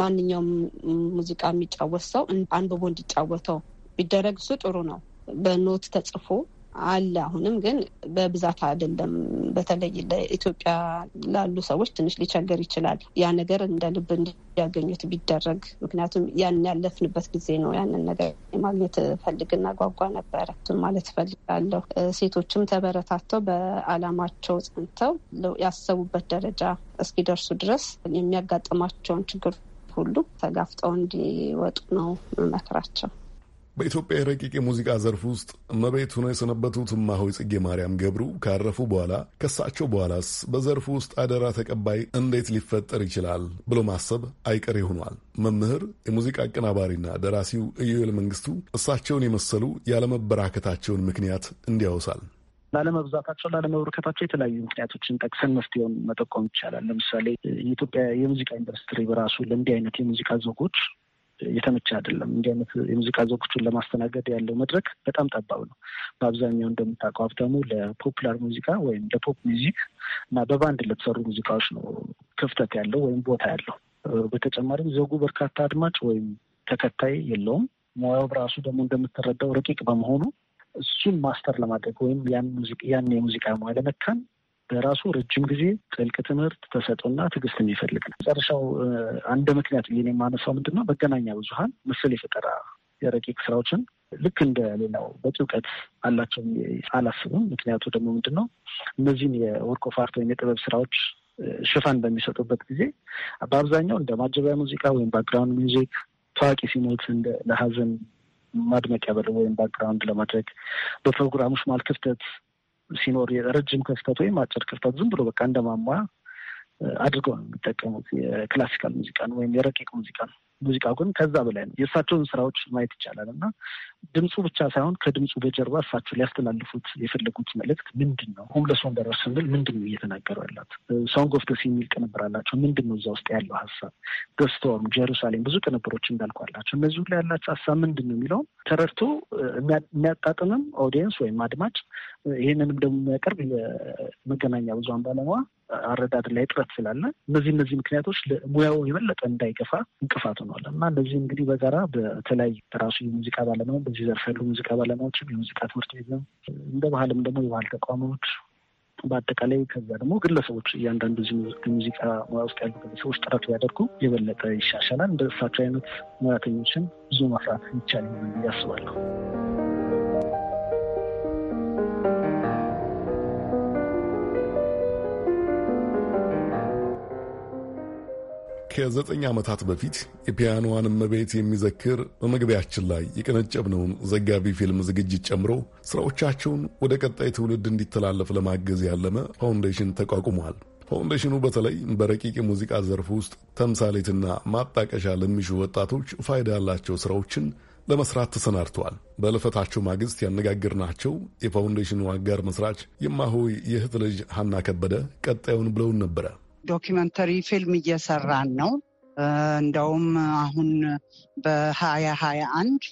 ማንኛውም ሙዚቃ የሚጫወት ሰው አንብቦ እንዲጫወተው ቢደረግ እሱ ጥሩ ነው። በኖት ተጽፎ አለ። አሁንም ግን በብዛት አይደለም። በተለይ ለኢትዮጵያ ላሉ ሰዎች ትንሽ ሊቸገር ይችላል። ያ ነገር እንደ ልብ እንዲያገኙት ቢደረግ፣ ምክንያቱም ያን ያለፍንበት ጊዜ ነው። ያንን ነገር ማግኘት ፈልግና ጓጓ ነበረ ማለት ፈልጋለሁ። ሴቶችም ተበረታተው በአላማቸው ጸንተው ያሰቡበት ደረጃ እስኪደርሱ ድረስ የሚያጋጥማቸውን ችግር ሁሉ ተጋፍጠው እንዲወጡ ነው መክራቸው። በኢትዮጵያ የረቂቅ የሙዚቃ ዘርፍ ውስጥ እመቤት ሆነው የሰነበቱት እማሆይ ጽጌ ማርያም ገብሩ ካረፉ በኋላ ከሳቸው በኋላስ በዘርፉ ውስጥ አደራ ተቀባይ እንዴት ሊፈጠር ይችላል ብሎ ማሰብ አይቀሬ ሆኗል። መምህር፣ የሙዚቃ አቀናባሪና ደራሲው እዩኤል መንግስቱ እሳቸውን የመሰሉ ያለመበራከታቸውን ምክንያት እንዲያወሳል። ላለመብዛታቸው ላለመበርከታቸው የተለያዩ ምክንያቶችን ጠቅሰን መፍትሄውን መጠቆም ይቻላል። ለምሳሌ የኢትዮጵያ የሙዚቃ ኢንዱስትሪ በራሱ ለእንዲህ አይነት የሙዚቃ ዘጎች የተመቸ አይደለም። እንዲህ አይነት የሙዚቃ ዘውጎቹን ለማስተናገድ ያለው መድረክ በጣም ጠባብ ነው። በአብዛኛው እንደምታውቀው ሀብታሙ ለፖፑላር ሙዚቃ ወይም ለፖፕ ሚዚክ እና በባንድ ለተሰሩ ሙዚቃዎች ነው ክፍተት ያለው ወይም ቦታ ያለው። በተጨማሪም ዘጉ በርካታ አድማጭ ወይም ተከታይ የለውም። ሙያው በራሱ ደግሞ እንደምትረዳው ረቂቅ በመሆኑ እሱን ማስተር ለማድረግ ወይም ያን የሙዚቃ ሙያ ለመካን በራሱ ረጅም ጊዜ ጥልቅ ትምህርት ተሰጦና ትዕግስት የሚፈልግ ነው። መጨረሻው አንድ ምክንያት ብዬ የማነሳው ምንድን ነው መገናኛ ብዙሀን ምስል የፈጠራ የረቂቅ ስራዎችን ልክ እንደ ሌላው በቂ እውቀት አላቸው አላስብም። ምክንያቱ ደግሞ ምንድን ነው እነዚህን የወርክ ኦፍ አርት ወይም የጥበብ ስራዎች ሽፋን በሚሰጡበት ጊዜ በአብዛኛው እንደ ማጀቢያ ሙዚቃ ወይም ባክግራውንድ ሚዚክ ታዋቂ ሲሞት እንደ ለሀዘን ማድመቂያ በለው ወይም ባክግራውንድ ለማድረግ በፕሮግራሞች ማልክፍተት ሲኖር ረጅም ክፍተት ወይም አጭር ክፍተት ዝም ብሎ በቃ እንደማሟያ አድርገው ነው የሚጠቀሙት የክላሲካል ሙዚቃን ወይም የረቂቅ ሙዚቃን። ሙዚቃ ግን ከዛ በላይ ነው። የእሳቸውን ስራዎች ማየት ይቻላል እና ድምፁ ብቻ ሳይሆን ከድምፁ በጀርባ እሳቸው ሊያስተላልፉት የፈለጉት መልእክት ምንድን ነው? ሆምለስ ወንደረር ስንል ምንድን ነው እየተናገሩ ያላት? ሶንግ ኦፍ ደስ የሚል ቅንብር አላቸው። ምንድን ነው እዛ ውስጥ ያለው ሀሳብ? ገስቶርም፣ ጀሩሳሌም ብዙ ቅንብሮች እንዳልኩ አላቸው። እነዚህ ያላቸው ሀሳብ ምንድን ነው የሚለውም ተረድቶ የሚያጣጥምም ኦዲየንስ ወይም አድማጭ፣ ይህንንም ደግሞ የሚያቀርብ የመገናኛ ብዙሃን ባለሙያ አረዳድ ላይ ጥረት ስላለ እነዚህ እነዚህ ምክንያቶች ሙያው የበለጠ እንዳይገፋ እንቅፋት ሆኗል እና እነዚህ እንግዲህ በጋራ በተለያዩ በራሱ የሙዚቃ ባለሙያ በዚህ ዘርፍ ያሉ ሙዚቃ ባለሙያዎችም የሙዚቃ ትምህርት ቤት እንደ ባህልም ደግሞ የባህል ተቋማዎች በአጠቃላይ ከዛ ደግሞ ግለሰቦች እያንዳንዱ ሙዚቃ ሙያ ውስጥ ያሉ ግለሰቦች ጥረት ያደርጉ የበለጠ ይሻሻላል። እንደ እሳቸው አይነት ሙያተኞችን ብዙ ማፍራት ይቻል ያስባለሁ። ከዘጠኝ ዓመታት በፊት የፒያኖዋን እመቤት የሚዘክር በመግቢያችን ላይ የቀነጨብነውን ዘጋቢ ፊልም ዝግጅት ጨምሮ ሥራዎቻቸውን ወደ ቀጣይ ትውልድ እንዲተላለፍ ለማገዝ ያለመ ፋውንዴሽን ተቋቁሟል። ፋውንዴሽኑ በተለይ በረቂቅ የሙዚቃ ዘርፍ ውስጥ ተምሳሌትና ማጣቀሻ ለሚሹ ወጣቶች ፋይዳ ያላቸው ሥራዎችን ለመስራት ተሰናድተዋል። በልፈታቸው ማግስት ናቸው። የፋውንዴሽኑ አጋር መስራች የማሆይ የእህት ልጅ ሀና ከበደ ቀጣዩን ብለውን ነበረ። ዶኪመንተሪ ፊልም እየሰራን ነው። እንደውም አሁን በሀያ ሀያ አንድ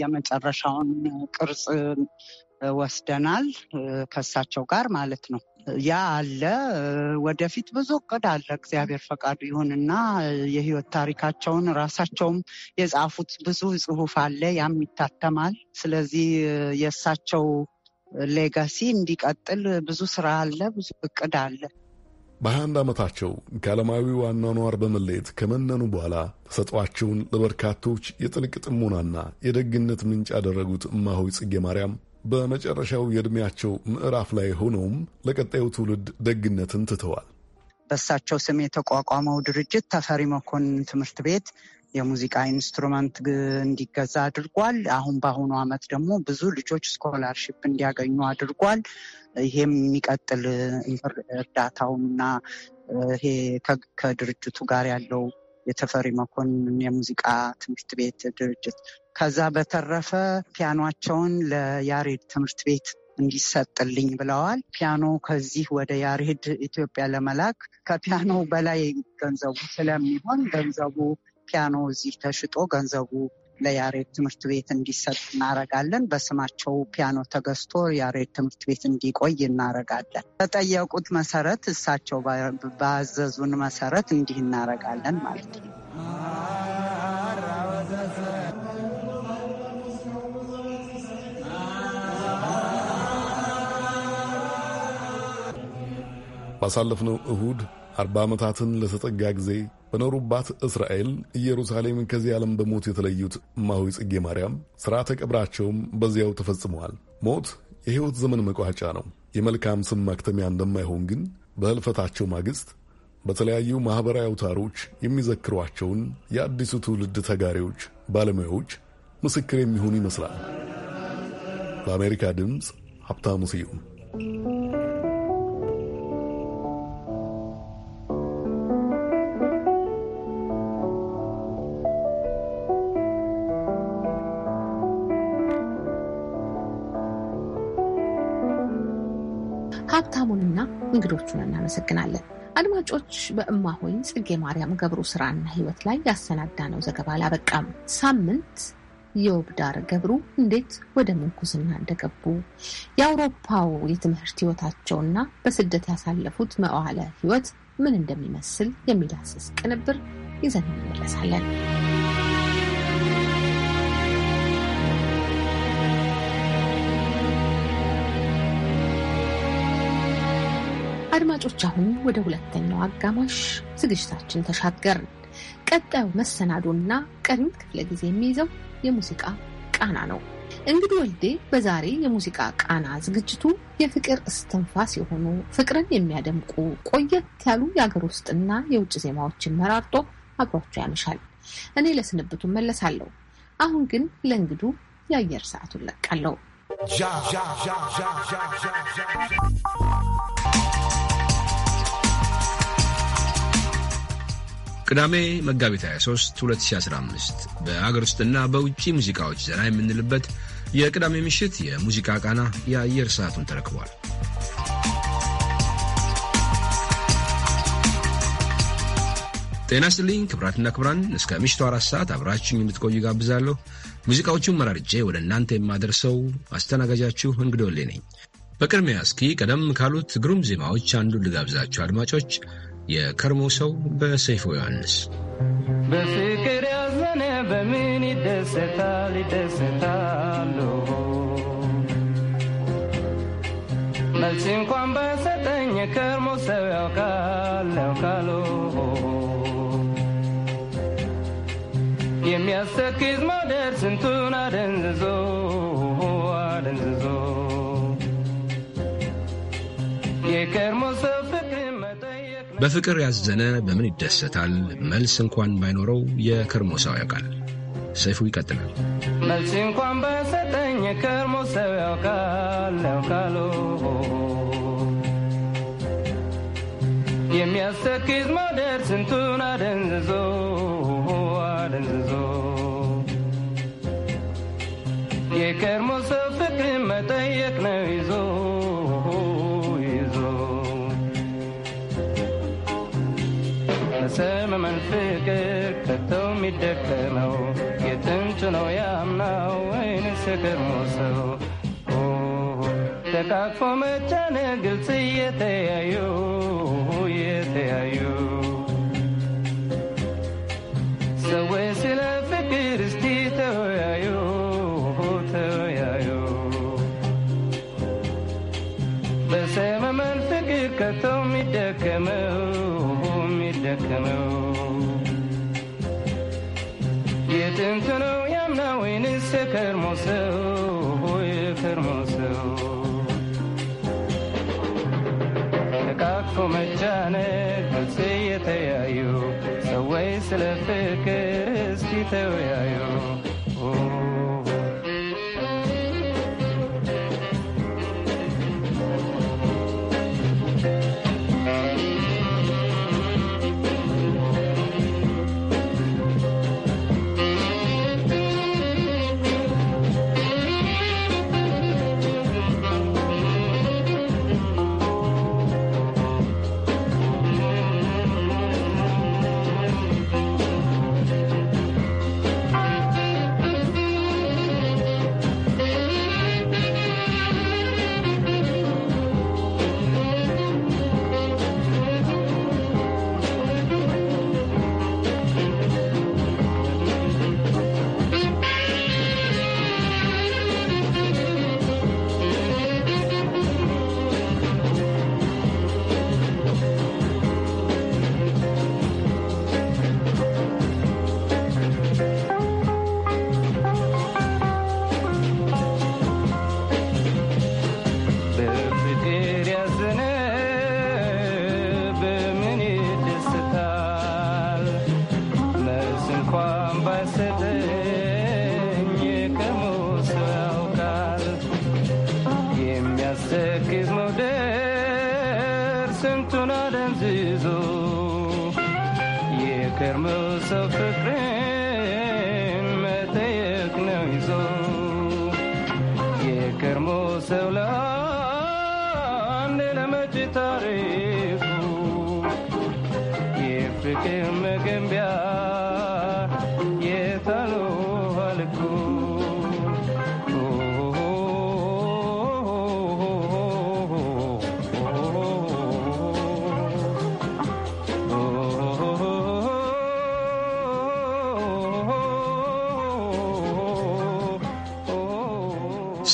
የመጨረሻውን ቅርጽ ወስደናል ከእሳቸው ጋር ማለት ነው። ያ አለ። ወደፊት ብዙ እቅድ አለ። እግዚአብሔር ፈቃዱ ይሁንና የህይወት ታሪካቸውን ራሳቸውም የጻፉት ብዙ ጽሁፍ አለ። ያም ይታተማል። ስለዚህ የእሳቸው ሌጋሲ እንዲቀጥል ብዙ ስራ አለ፣ ብዙ እቅድ አለ። በ21 ዓመታቸው ዋና ኗር በመለየት ከመነኑ በኋላ ተሰጧቸውን ለበርካቶች የጥልቅ ጥሞናና የደግነት ምንጭ ያደረጉት እማሆይ ጽጌ ማርያም በመጨረሻው የዕድሜያቸው ምዕራፍ ላይ ሆነውም ለቀጣዩ ትውልድ ደግነትን ትተዋል። በእሳቸው ስም የተቋቋመው ድርጅት ተፈሪ መኮንን ትምህርት ቤት የሙዚቃ ኢንስትሩመንት እንዲገዛ አድርጓል። አሁን በአሁኑ አመት ደግሞ ብዙ ልጆች ስኮላርሽፕ እንዲያገኙ አድርጓል። ይሄም የሚቀጥል እርዳታውና ይሄ ከድርጅቱ ጋር ያለው የተፈሪ መኮንን የሙዚቃ ትምህርት ቤት ድርጅት ከዛ በተረፈ ፒያኗቸውን ለያሬድ ትምህርት ቤት እንዲሰጥልኝ ብለዋል። ፒያኖ ከዚህ ወደ ያሬድ ኢትዮጵያ ለመላክ ከፒያኖ በላይ ገንዘቡ ስለሚሆን ገንዘቡ ፒያኖ እዚህ ተሽጦ ገንዘቡ ለያሬድ ትምህርት ቤት እንዲሰጥ እናረጋለን። በስማቸው ፒያኖ ተገዝቶ ያሬድ ትምህርት ቤት እንዲቆይ እናረጋለን። በጠየቁት መሰረት እሳቸው ባዘዙን መሰረት እንዲህ እናረጋለን ማለት ነው። ባሳለፍነው እሁድ አርባ ዓመታትን ለተጠጋ ጊዜ በኖሩባት እስራኤል ኢየሩሳሌም ከዚህ ዓለም በሞት የተለዩት እማሆይ ጽጌ ማርያም ሥርዓተ ቀብራቸውም በዚያው ተፈጽመዋል። ሞት የሕይወት ዘመን መቋጫ ነው። የመልካም ስም ማክተሚያ እንደማይሆን ግን በሕልፈታቸው ማግስት በተለያዩ ማኅበራዊ አውታሮች የሚዘክሯቸውን የአዲሱ ትውልድ ተጋሪዎች፣ ባለሙያዎች ምስክር የሚሆኑ ይመስላል። ለአሜሪካ ድምፅ ሀብታሙ ስዩም እንግዶቹን እናመሰግናለን። አድማጮች በእማሆይ ጽጌ ማርያም ገብሩ ስራና ህይወት ላይ ያሰናዳነው ዘገባ አላበቃም። ሳምንት የወብዳር ገብሩ እንዴት ወደ ምንኩስና እንደገቡ የአውሮፓው የትምህርት ህይወታቸውና በስደት ያሳለፉት መዋለ ህይወት ምን እንደሚመስል የሚዳስስ ቅንብር ይዘን እንመለሳለን። አድማጮች፣ አሁን ወደ ሁለተኛው አጋማሽ ዝግጅታችን ተሻገርን። ቀጣዩ መሰናዶና ቀሪውን ክፍለ ጊዜ የሚይዘው የሙዚቃ ቃና ነው። እንግዲህ ወልዴ በዛሬ የሙዚቃ ቃና ዝግጅቱ የፍቅር እስትንፋስ የሆኑ ፍቅርን የሚያደምቁ ቆየት ያሉ የአገር ውስጥና የውጭ ዜማዎችን መራርጦ አብሯቸው ያመሻል። እኔ ለስንብቱ መለሳለሁ። አሁን ግን ለእንግዱ የአየር ሰዓቱን ለቃለሁ። ቅዳሜ መጋቢት 23 2015 በአገር ውስጥና በውጭ ሙዚቃዎች ዘና የምንልበት የቅዳሜ ምሽት የሙዚቃ ቃና የአየር ሰዓቱን ተረክቧል። ጤና ስጥልኝ ክብራትና ክብራን፣ እስከ ምሽቱ አራት ሰዓት አብራችሁኝ እንድትቆዩ ጋብዛለሁ። ሙዚቃዎቹን መራርጄ ወደ እናንተ የማደርሰው አስተናጋጃችሁ እንግዶሌ ነኝ። በቅድሚያ እስኪ ቀደም ካሉት ግሩም ዜማዎች አንዱን ልጋብዛችሁ አድማጮች የከርሞ ሰው በሰይፉ ዮሐንስ በፍቅር ያዘነ በምን ይደሰታል ይደሰታሉ መልስ እንኳን በሰጠኝ የከርሞ ሰው ያውቃል ያውቃሉ የሚያስተክዝ መውደድ ስንቱን አደንዝዞ አደንዝዞ የከርሞ ሰው በፍቅር ያዘነ በምን ይደሰታል? መልስ እንኳን ባይኖረው የከርሞ ሰው ያውቃል። ሰይፉ ይቀጥላል። መልስ እንኳን ባይሰጠኝ የከርሞ ሰው ያውቃል ያውቃሉ የሚያስተክዝ ሞደር ስንቱን አደንዝዞ አደንዝዞ የከርሞ ሰው ፍቅር መጠየቅ ነው ይዞ የሰመመን ፍቅር ከቶ የሚደከመው የጥንቱ ነው ያምናው ወይንስ የቀድሞ ሰው? ተቃቅፎ መጫነ ግልጽ እየተያዩ እየተያዩ ሰዎች ስለ ፍቅር እስቲ ተወያዩ ተወያዩ በሰመመን ፍቅር ከቶ የሚደከመው the canoe. Yet in the canoe, I am now in a second, Mosel, Boy, Kermosel. The cock from a janet will say it, I am you. The way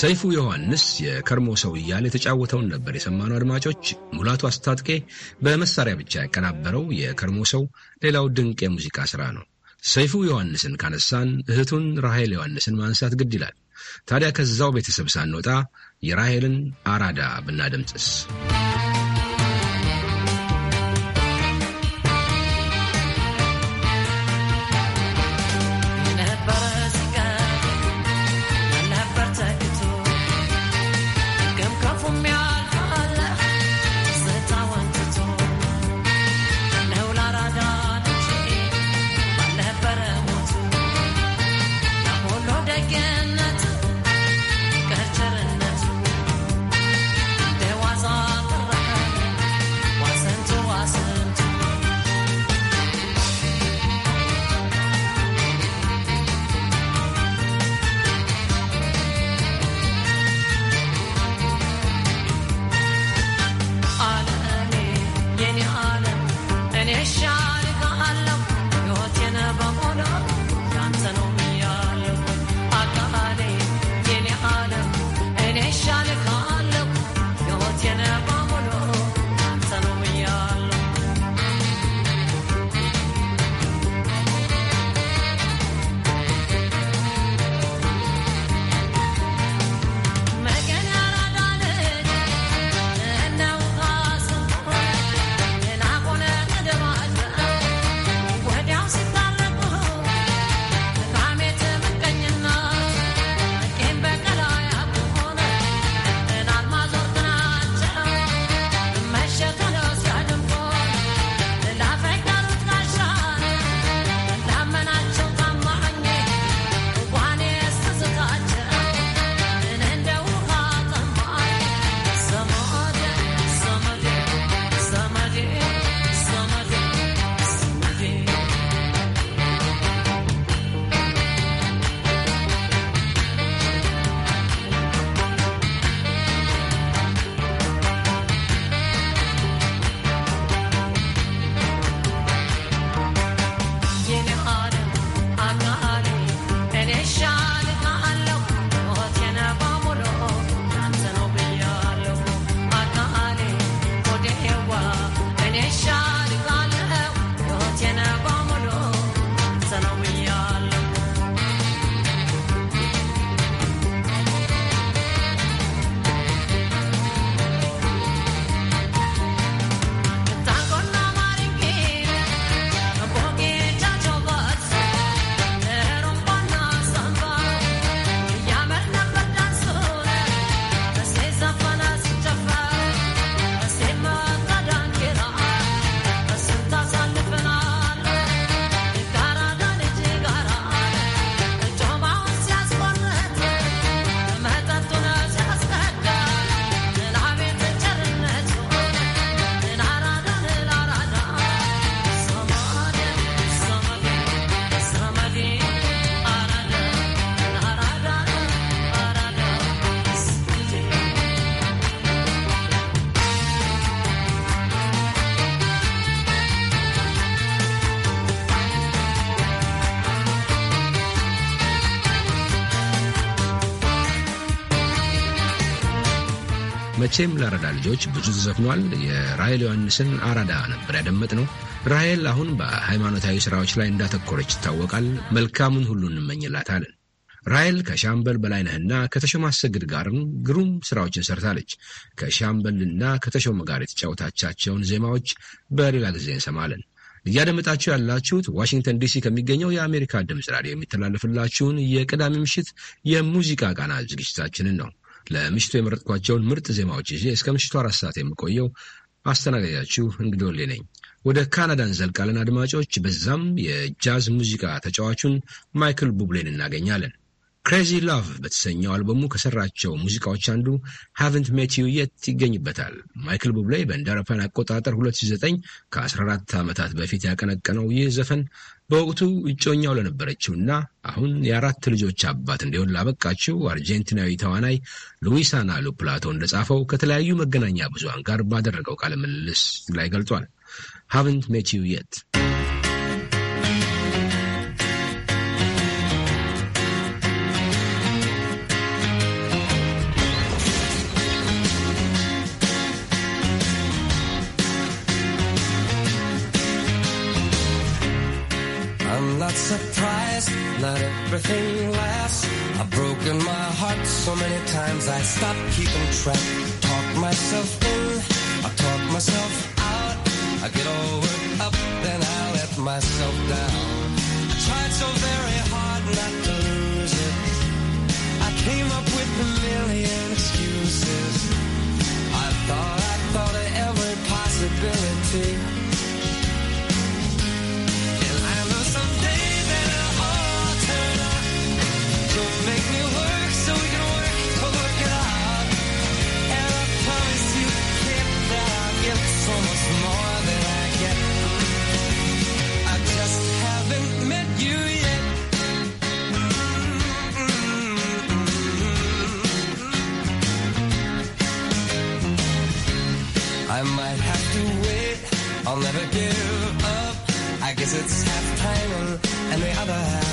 ሰይፉ ዮሐንስ የከርሞ ሰው እያለ የተጫወተውን ነበር የሰማነው። አድማጮች፣ ሙላቱ አስታጥቄ በመሳሪያ ብቻ ያቀናበረው የከርሞ ሰው ሌላው ድንቅ የሙዚቃ ሥራ ነው። ሰይፉ ዮሐንስን ካነሳን እህቱን ራሄል ዮሐንስን ማንሳት ግድ ይላል። ታዲያ ከዛው ቤተሰብ ሳንወጣ የራሄልን አራዳ ብናደምጽስ? ሴም ለአራዳ ልጆች ብዙ ተዘፍኗል። የራሔል ዮሐንስን አራዳ ነበር ያደመጥነው። ራሄል አሁን በሃይማኖታዊ ስራዎች ላይ እንዳተኮረች ይታወቃል። መልካሙን ሁሉ እንመኝላታለን። ራሔል ከሻምበል በላይነህና ከተሾመ አሰግድ ጋርም ግሩም ስራዎችን ሰርታለች። ከሻምበልና ከተሾመ ጋር የተጫወታቻቸውን ዜማዎች በሌላ ጊዜ እንሰማለን። እያደመጣችሁ ያላችሁት ዋሽንግተን ዲሲ ከሚገኘው የአሜሪካ ድምፅ ራዲዮ የሚተላለፍላችሁን የቅዳሜ ምሽት የሙዚቃ ቃና ዝግጅታችንን ነው። ለምሽቱ የመረጥኳቸውን ምርጥ ዜማዎች ይዤ እስከ ምሽቱ አራት ሰዓት የምቆየው አስተናጋጃችሁ እንግዶሌ ነኝ። ወደ ካናዳ እንዘልቃለን አድማጮች። በዛም የጃዝ ሙዚቃ ተጫዋቹን ማይክል ቡብሌን እናገኛለን። ክሬዚ ላቭ በተሰኘው አልበሙ ከሰራቸው ሙዚቃዎች አንዱ ሃቨንት ሜት ዩ የት ይገኝበታል። ማይክል ቡብሌ በእንደ አውሮፓውያን አቆጣጠር 2009 ከ14 ዓመታት በፊት ያቀነቀነው ይህ ዘፈን በወቅቱ እጮኛው ለነበረችው እና አሁን የአራት ልጆች አባት እንዲሆን ላበቃችው አርጀንቲናዊ ተዋናይ ሉዊሳና ሉፕላቶ እንደጻፈው ከተለያዩ መገናኛ ብዙሃን ጋር ባደረገው ቃለ ምልልስ ላይ ገልጿል። ሃቨንት ሜት ዩ የት everything lasts. I've broken my heart so many times I stopped keeping track. Talk myself in, I talk myself out. I get all worked up, then I let myself down. I tried so very hard not to lose it. I came up with a million excuses. I thought, I thought of every possibility. never had.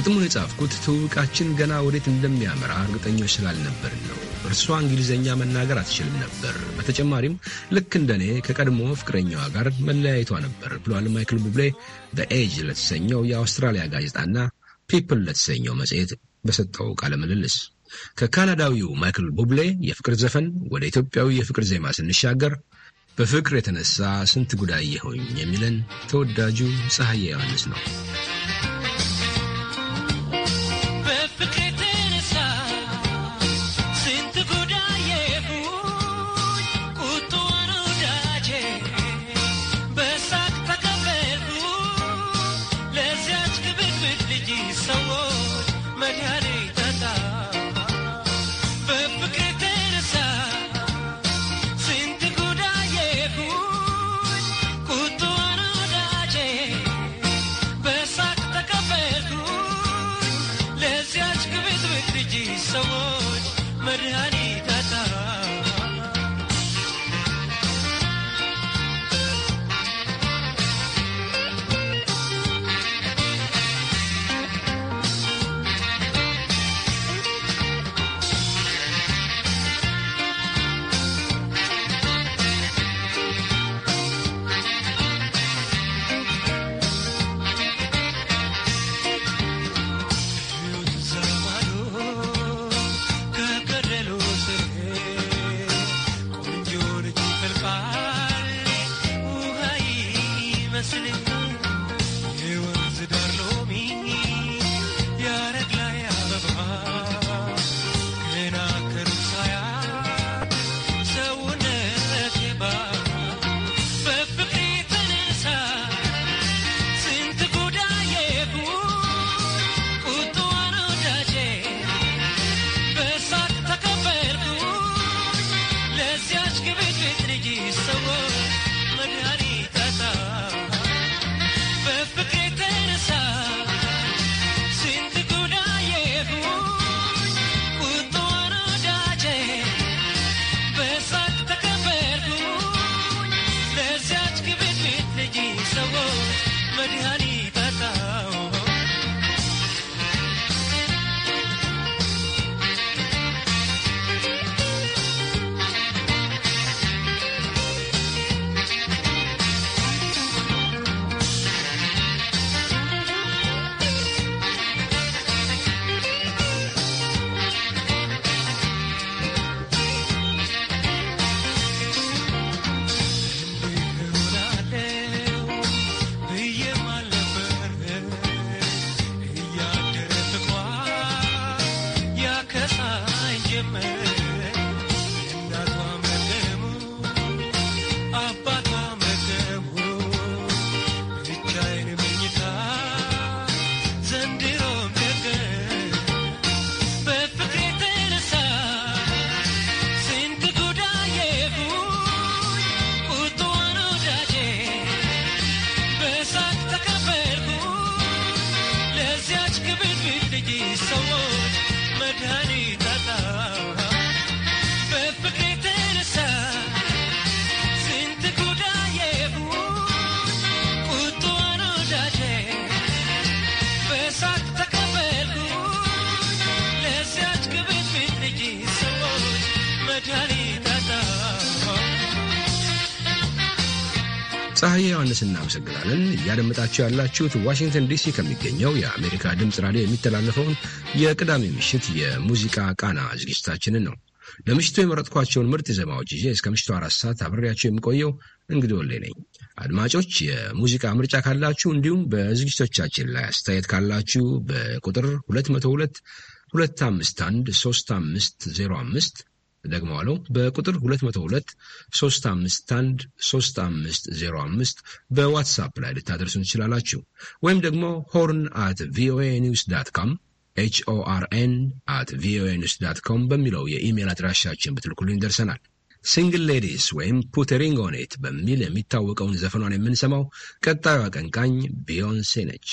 ግጥሙን የጻፍኩት ትውውቃችን ገና ወዴት እንደሚያመራ እርግጠኞች ስላልነበርን ነው። እርሷ እንግሊዝኛ መናገር አትችልም ነበር። በተጨማሪም ልክ እንደ እኔ ከቀድሞ ፍቅረኛዋ ጋር መለያየቷ ነበር ብሏል ማይክል ቡብሌ በኤጅ ለተሰኘው የአውስትራሊያ ጋዜጣና ፒፕል ለተሰኘው መጽሔት በሰጠው ቃለ ምልልስ። ከካናዳዊው ማይክል ቡብሌ የፍቅር ዘፈን ወደ ኢትዮጵያዊ የፍቅር ዜማ ስንሻገር በፍቅር የተነሳ ስንት ጉዳይ የሆኝ የሚለን ተወዳጁ ፀሐዬ ዮሐንስ ነው። Hey, honey. ለንደርስ እናመሰግናለን። እያደመጣችሁ ያላችሁት ዋሽንግተን ዲሲ ከሚገኘው የአሜሪካ ድምፅ ራዲዮ የሚተላለፈውን የቅዳሜ ምሽት የሙዚቃ ቃና ዝግጅታችንን ነው። ለምሽቱ የመረጥኳቸውን ምርጥ ዜማዎች ይዤ እስከ ምሽቱ አራት ሰዓት አብሬያቸው የሚቆየው እንግዲህ ወሌ ነኝ። አድማጮች የሙዚቃ ምርጫ ካላችሁ እንዲሁም በዝግጅቶቻችን ላይ አስተያየት ካላችሁ በቁጥር 202 251 3505 ደግሞ አለው በቁጥር 202 351 3505 በዋትሳፕ ላይ ልታደርሱን ትችላላችሁ። ወይም ደግሞ ሆርን አት ቪኦኤ ኒውስ ዳት ካም ኤችኦአርኤን አት ቪኦኤ ኒውስ ዳት ካም በሚለው የኢሜይል አድራሻችን ብትልኩልን ደርሰናል። ሲንግል ሌዲስ ወይም ፑቴሪንግ ኦኔት በሚል የሚታወቀውን ዘፈኗን የምንሰማው ቀጣዩ አቀንቃኝ ቢዮንሴ ነች።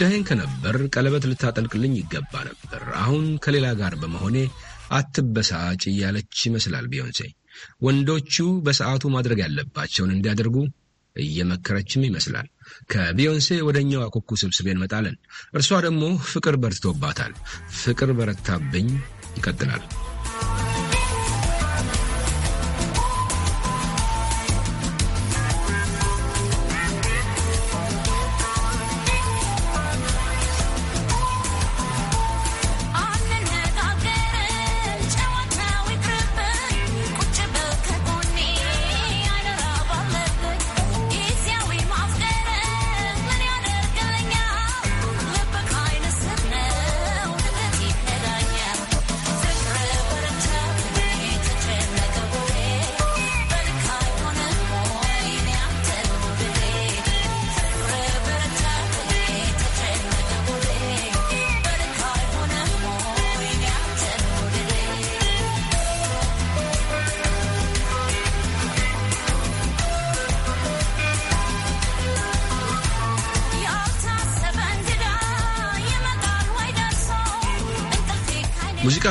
ጉዳይን ከነበር ቀለበት ልታጠልቅልኝ ይገባ ነበር። አሁን ከሌላ ጋር በመሆኔ አትበሳጭ እያለች ይመስላል ቢዮንሴ። ወንዶቹ በሰዓቱ ማድረግ ያለባቸውን እንዲያደርጉ እየመከረችም ይመስላል። ከቢዮንሴ ወደ እኛው አኩኩ ስብስቤ እንመጣለን። እርሷ ደግሞ ፍቅር በርትቶባታል። ፍቅር በረታብኝ ይቀጥላል።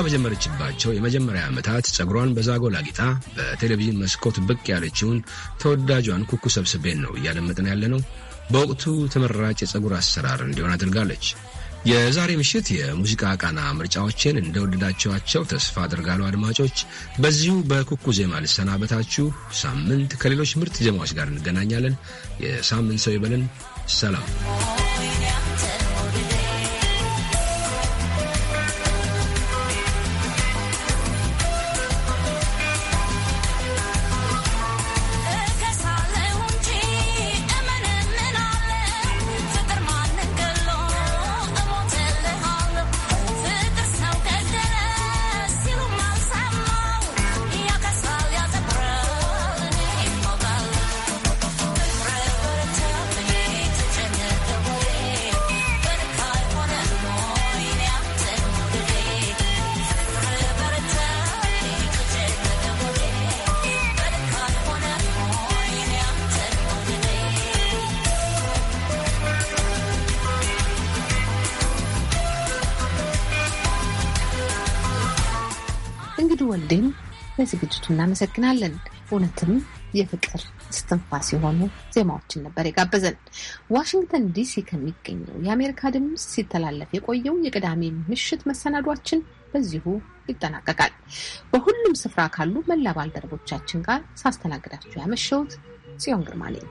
በጀመረችባቸው የመጀመሪያ ዓመታት ጸጉሯን በዛጎላ ጌጣ በቴሌቪዥን መስኮት ብቅ ያለችውን ተወዳጇን ኩኩ ሰብስቤን ነው እያደመጥን ያለ ነው። በወቅቱ ተመራጭ የጸጉር አሰራር እንዲሆን አድርጋለች። የዛሬ ምሽት የሙዚቃ ቃና ምርጫዎችን እንደወደዳቸዋቸው ተስፋ አድርጋሉ አድማጮች፣ በዚሁ በኩኩ ዜማ ልሰናበታችሁ። ሳምንት ከሌሎች ምርጥ ዜማዎች ጋር እንገናኛለን። የሳምንት ሰው ይበልን። ሰላም እናመሰግናለን። እውነትም የፍቅር ስትንፋ የሆኑ ዜማዎችን ነበር የጋበዘን። ዋሽንግተን ዲሲ ከሚገኘው የአሜሪካ ድምፅ ሲተላለፍ የቆየው የቅዳሜ ምሽት መሰናዷችን በዚሁ ይጠናቀቃል። በሁሉም ስፍራ ካሉ መላ ባልደረቦቻችን ጋር ሳስተናግዳችሁ ያመሸሁት ጽዮን ግርማ ነኝ።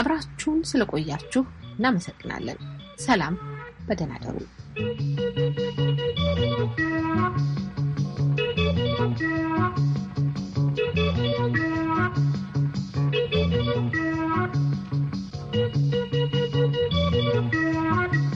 አብራችሁን ስለቆያችሁ እናመሰግናለን። ሰላም፣ በደህና እደሩ።